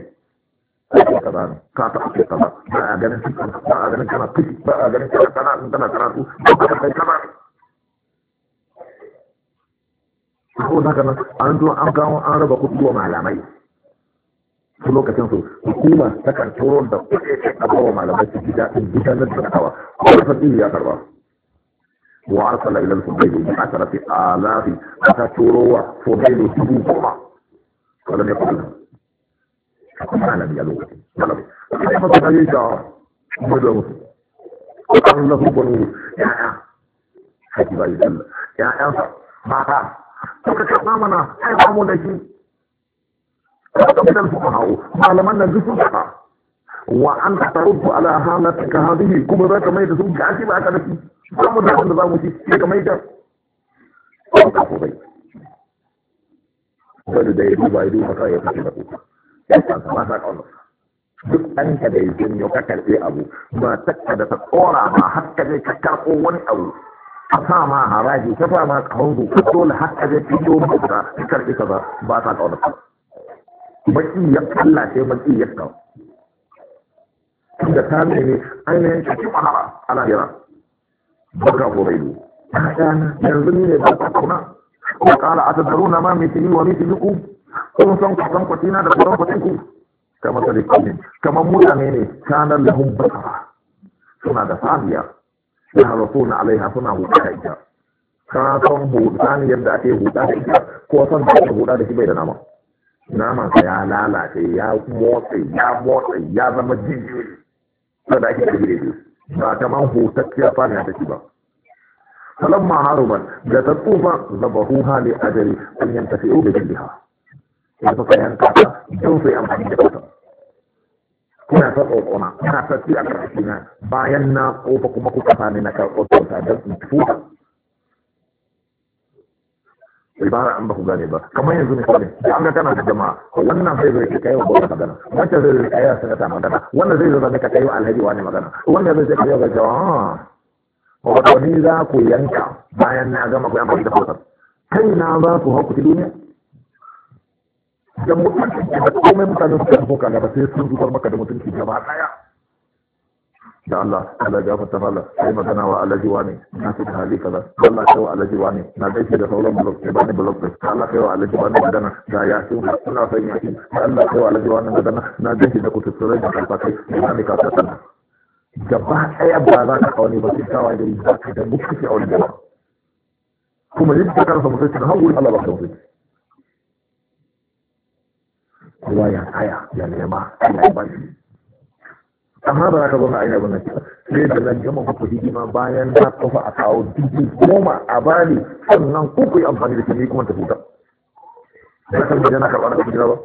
kaza ka ta ake kaza ba a ganin ba a ganin kana fiti ba a ganin kana kana kana karatu ba a kai kaza ko da kana an zo an kawo an raba kuɗi wa malamai su lokacin su hukuma ta kan turo da kuɗi a bawa malamai su gida in gudanar da da'awa ko da fasihi ya karba wa arsala ila al-fubayl bi asrati alafi aka turo wa fubayl dubu goma wala ne kuma kuma ana biya lokacin malamai sai fa ta yi da mu da musu an lafu banu ya'a haƙi ba yi sallah ya'yansa mata ka karɓa mana ai ba mu da shi من الفقهاء معلمان نجس الفقهاء وأن ترد على حالتك هذه كما ذاك ما يدسوك جاسي بقى كنتي كما ذاك النظام وشي كما يدس wani da ya duba ya duba kawai ya kashe da kuka ya kanta ba sa ƙaunarsa duk ɗanka da ya janyo ka karɓe abu ba takka da ta tsora ba hakka zai ka karɓo wani abu ka sa ma haraji ka sa ma ƙaunzu dole hakka zai fito mutu ka karɓe ka ba sa ƙaunarsa baki ya Allah sai baki ya kawo da ta ne an yi ainihin cikin mahara a lahira baka horai ne yanzu ni ne ba ta kuna ko kala a tattaru na ma mai mitili wa mitili ku kun san kusan kwatina da kusan kwatin ku kama sadikin kamar mutane ne kanar lahun basara suna da sabiya da rasu na alaiha suna huta da ita ka san huta ne yadda ake huta da ita ko san ta ake huta da shi bai da nama namansa ya lalace ya motsa ya motsa ya zama jijiyoyi sau da ake tafi daidai ba ta man hotacciyar fara da ci ba Salon ma haruban da ta tsufa zabahu hali jari an yan tafi yau da jiliha ya fi sayan kasa don sai amfani da kata kuna ta tsotsona kuna ta ci a ƙarƙashina bayan na kofa kuma kuka sani na karɓar tsotsa don tsufa ribara an ba ku gane ba kamar yanzu da an ga kana da jama'a wannan zai zai kai wa bauta magana wancan zai zai kai wa sanata magana wannan zai zai ka kai wa alhaji wani magana wannan zai zai kai wa jawa ko ah, ni za ku yanka bayan na gama ku yanka da fatar kai na za ku hakuri duniya dan mutunci da komai mutane suka fuka da ba sai sun zubar maka da mutunci gaba daya da Allah Allah ya gafarta mala sai magana wa Alhaji wani na fi da hali kaza Allah kai wa Alhaji wani na gaishe da sauran blog ya bani blog da Allah kai wa Alhaji wani magana da ya ci suna son ya ci Allah kai wa Alhaji wani magana na gaishe da kututturai da kafakai ina ne kafa sana gaba ɗaya ba za ka kawo ba sai kawo da riga ka da mutunci a wani gaba kuma yadda ka rasa mutunci da hankali Allah ba ka mutunci kowa ya tsaya ya nema ya yi shi amma ba za ka zo ka aina bane sai da zan gama ku hidima bayan za kafa a kawo dubu goma a bani sannan ku ku yi amfani da shi kuma ta huta ba ka zo na karɓa na kuɗi ba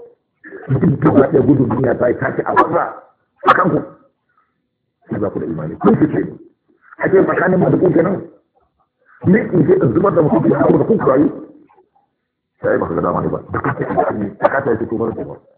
mutum to ba ɗaya gudun duniya ta yi tashi a banza a kan ku sai ba ku da imani kun fi ce a ce tsakanin masu kuke nan ne in ce in zubar da mutum ya hau da kuka yi sai ba ka ga dama ne ba da kuka da kake da kake da kake da kake da kake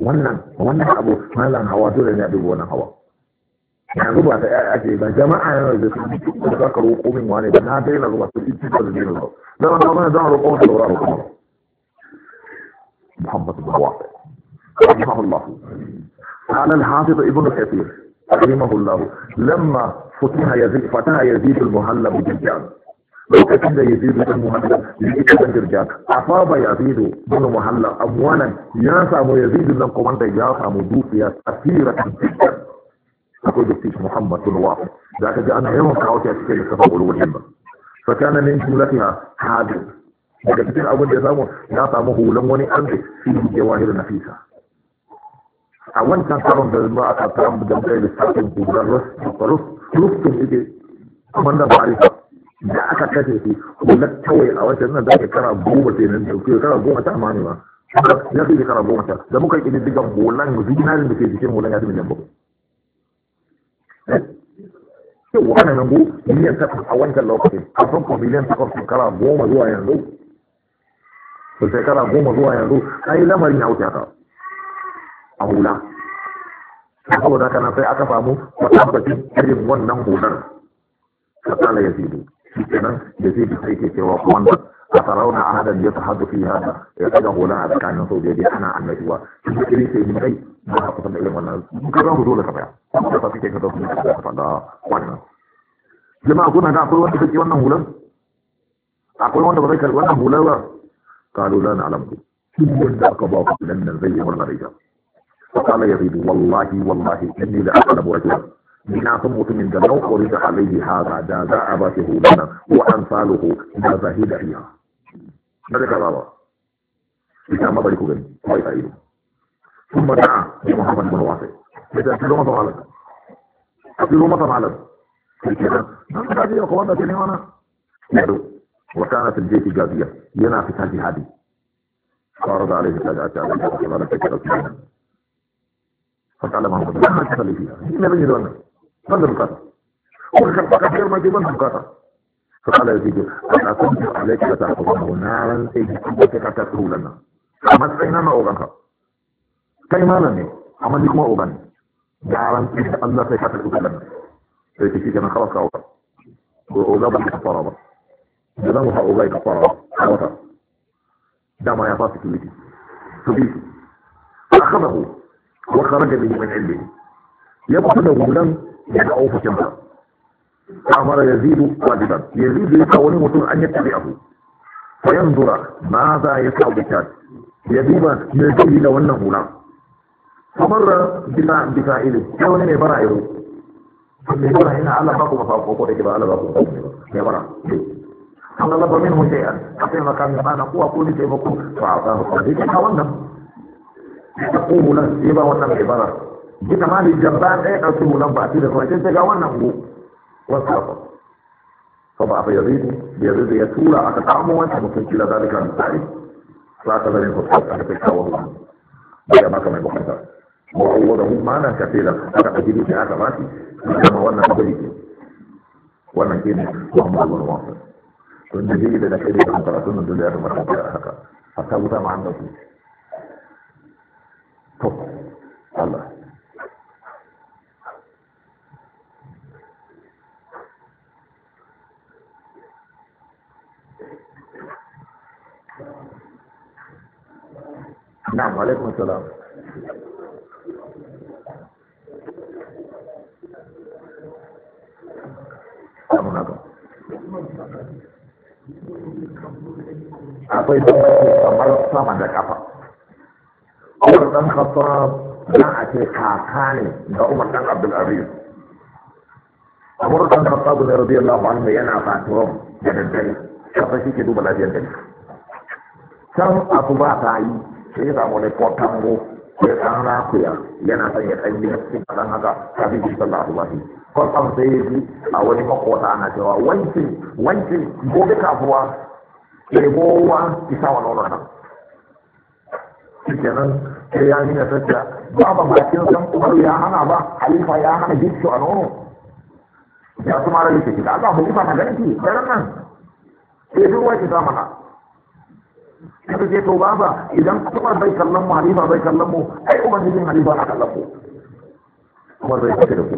wannan wannan abu malam hawa dole ne a duba wannan hawa na zuba ta yaya ake ba jama'a yana da su duk da za ka roƙo min wani da na daina zuba su duk da zai zuba zama na wani zama roƙo wata laura roƙo mara muhammadu bawa رحمه الله قال الحافظ ابن كثير رحمه الله لما فتح يزيد فتح يزيد المهلب بالجعد لو كتبنا يزيد بن محلى لكتب الدرجات أصاب يزيد بن محلى أموالا ياسا أبو يزيد بن قوانتا ياسا مدوفيا أثيرة جدا أقول بسيش محمد بن واحد ذاك جاء أنا يوم كاوتا أتكلم التفاول والهمة فكان من جملتها حادث daga cikin abin da samu ya samu hulun wani an da shi ne jawahir na fisa a wancan karon da ba a tattara da mutane da sassan kogon rufin da ke kamar da ba a yi ba da aka kashe shi kuma kawai a wata nan za ka kara goma sai nan dauke kara goma ta amani ba ya fi kara goma ta da muka kiri diga bolan zinarin da ke jikin bolan ya fi miliyan bakwai sai eh? wani nan go miliyan takwas a wancan lokacin a farko miliyan takwas kara goma zuwa yanzu sai kara goma zuwa yanzu yi lamarin ya wuce haka a hula saboda kana sai aka samu matabbatin irin wannan hular kasala ya zai في كلام يزيد الحيث يتواف وانت اترون هذا يتحدث في هذا يقول له لا بك عن يدي انا عن نجوى شو كريسة من اي ما تقصد الى وانا مكرم هدول ربيع يطلق كيف تقصد من الله فانا وانا لما اقول انا اقول وانا بكي وانا هولا اقول وانا بكي وانا هولا قالوا لا نعلم دي كل من ذاك باب من الزي والمريجة وقال يزيد والله والله اني لا اعلم رجلا ina san من da lau kori da alayhi hada da za a ba shi hulana wa an saluhu da zahida fiya na da kaza ba ita ma bari ku gani kawai ta ido ثم دعا محمد بن واسع يتأكدوا مصر على أكدوا مصر على من بعد أخوانا كنوانا يدو وكان في الجيش جازية ينا في تاج هادي فارض عليه الساجعة عليه الصلاة والسلام فقال محمد ما حصل لي فيها هنا بيجي لنا من القطع وخذ بقى غير ما دي من القطع فقال يزيد أنا كنت عليك لتعقبه نارا إجتبتك تسهو لنا عمل سينما أغنها كي ما لني أما عمل لكم أغن جعلا إذا الله سيحفظ لنا فيكي كنا خلاص أغن وأغن كفارة بس جدام هؤلاء كفارة حوثة ما يفاتك لكي تبيتي فأخذه وخرج به من علمه يبقى له لن daga ofishin ba amara yazidu wajiban yazidu ya wani mutum an yi tabi'ahu Bayan zura, ma za ya sa bitan ya duba me zai yi da wannan hula kamar bisa bisa ilin ya wani mai bara iro mai bara yana Allah ba ku mafako ko da ke ba Allah ba ku mafako mai bara an Allah min mu sai an a sai maka min bana ko ko ni sai ba ku fa ba ku da ke ka wannan ta ko hula sai ba wannan mai bara duka ma jabba ɗaya ɗauki hulan ba da kuma sai ga wannan ko wasu ba fa ba fa yazidu da yazidu ya tura aka kamo wancan mutum kila zalika misali za ka zare a kai kawo ba ya maka mai bukata wa awwadahu mana kafira aka ajibi shi aka ba kuma wannan abin ne wannan ke ne Muhammadu bin Wasil to da jigi da kai da karatun nan dole ya zama tafiya haka hatta wuta to Allah na'am alaikum salam akwai bambanci kamar sama da kafa umar dan khattab za a ce kaka ne ga umar dan abdul aziz umar dan khattab ne radiyallahu anhu yana fatuwa da daddare kafa shi ke duba lafiyar gari can abu ba ta yi sai ya samu ne potango ko ya san ya yana son ya ɗan gina cikin kaɗan haka kafin shi sallah alaihi kwatsam sai ya ji a wani makota ana cewa wancin wancin gobe kafuwa ɗebowa isa wa nono nan kenan sai ya nuna sassa, ba bakin san umaru ya hana ba halifa ya hana gitsu a nono ya kuma rage shi da Allah halifa na ki? daren nan sai duk wani ta kada ce to baba idan kuma bai kallon mu halifa bai kallon mu ai ubangijin halifa na kallon mu kuma bai kace da ku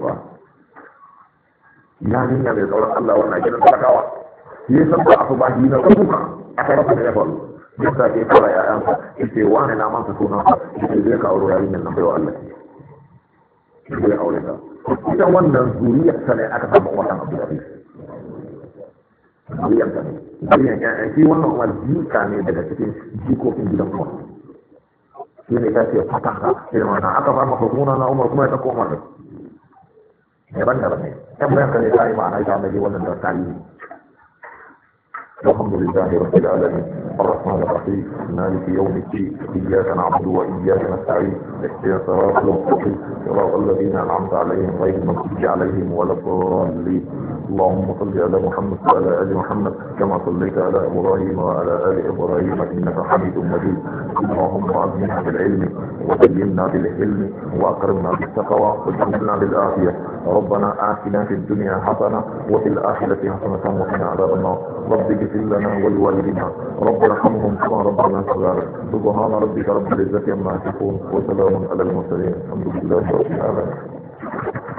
ya ni ne bai sauran Allah wannan gidan talakawa ne san ba abu ba shi na kuka a kai da ya faru duk da ke fara ce wa ne na manta sunan sa yace zai kawo yarinyar nan bai wa Allah zai aure ta ita wannan zuriyar ta ne aka samu wannan abu da zuriyar ta ne bayan ƴaƴan shi wannan kuma jika ne daga cikin jikokin gidan kuma shi ne ta ce ka irin wannan aka fara maka kuma na umar kuma ya ɗauko umar ne daban daban ne tabbayar ka ne ta yi ma'ana ya mai wannan da tarihi الحمد لله رب العالمين الرحمن الرحيم مالك يوم الدين اياك نعبد واياك نستعين اهدنا الصراط المستقيم صراط الذين انعمت عليهم غير المغضوب عليهم ولا الضالين اللهم صل على محمد وعلى ال محمد كما صليت على ابراهيم وعلى ال ابراهيم انك حميد مجيد اللهم اعزنا بالعلم وزينا بالعلم واكرمنا بالتقوى وجعلنا بالعافيه ربنا اتنا في الدنيا حسنه وفي الاخره حسنه وقنا عذاب النار رب اغفر لنا ولوالدنا رب ارحمهم كما ربنا صغارا سبحان ربك رب العزة عما يصفون وسلام على المرسلين الحمد لله رب العالمين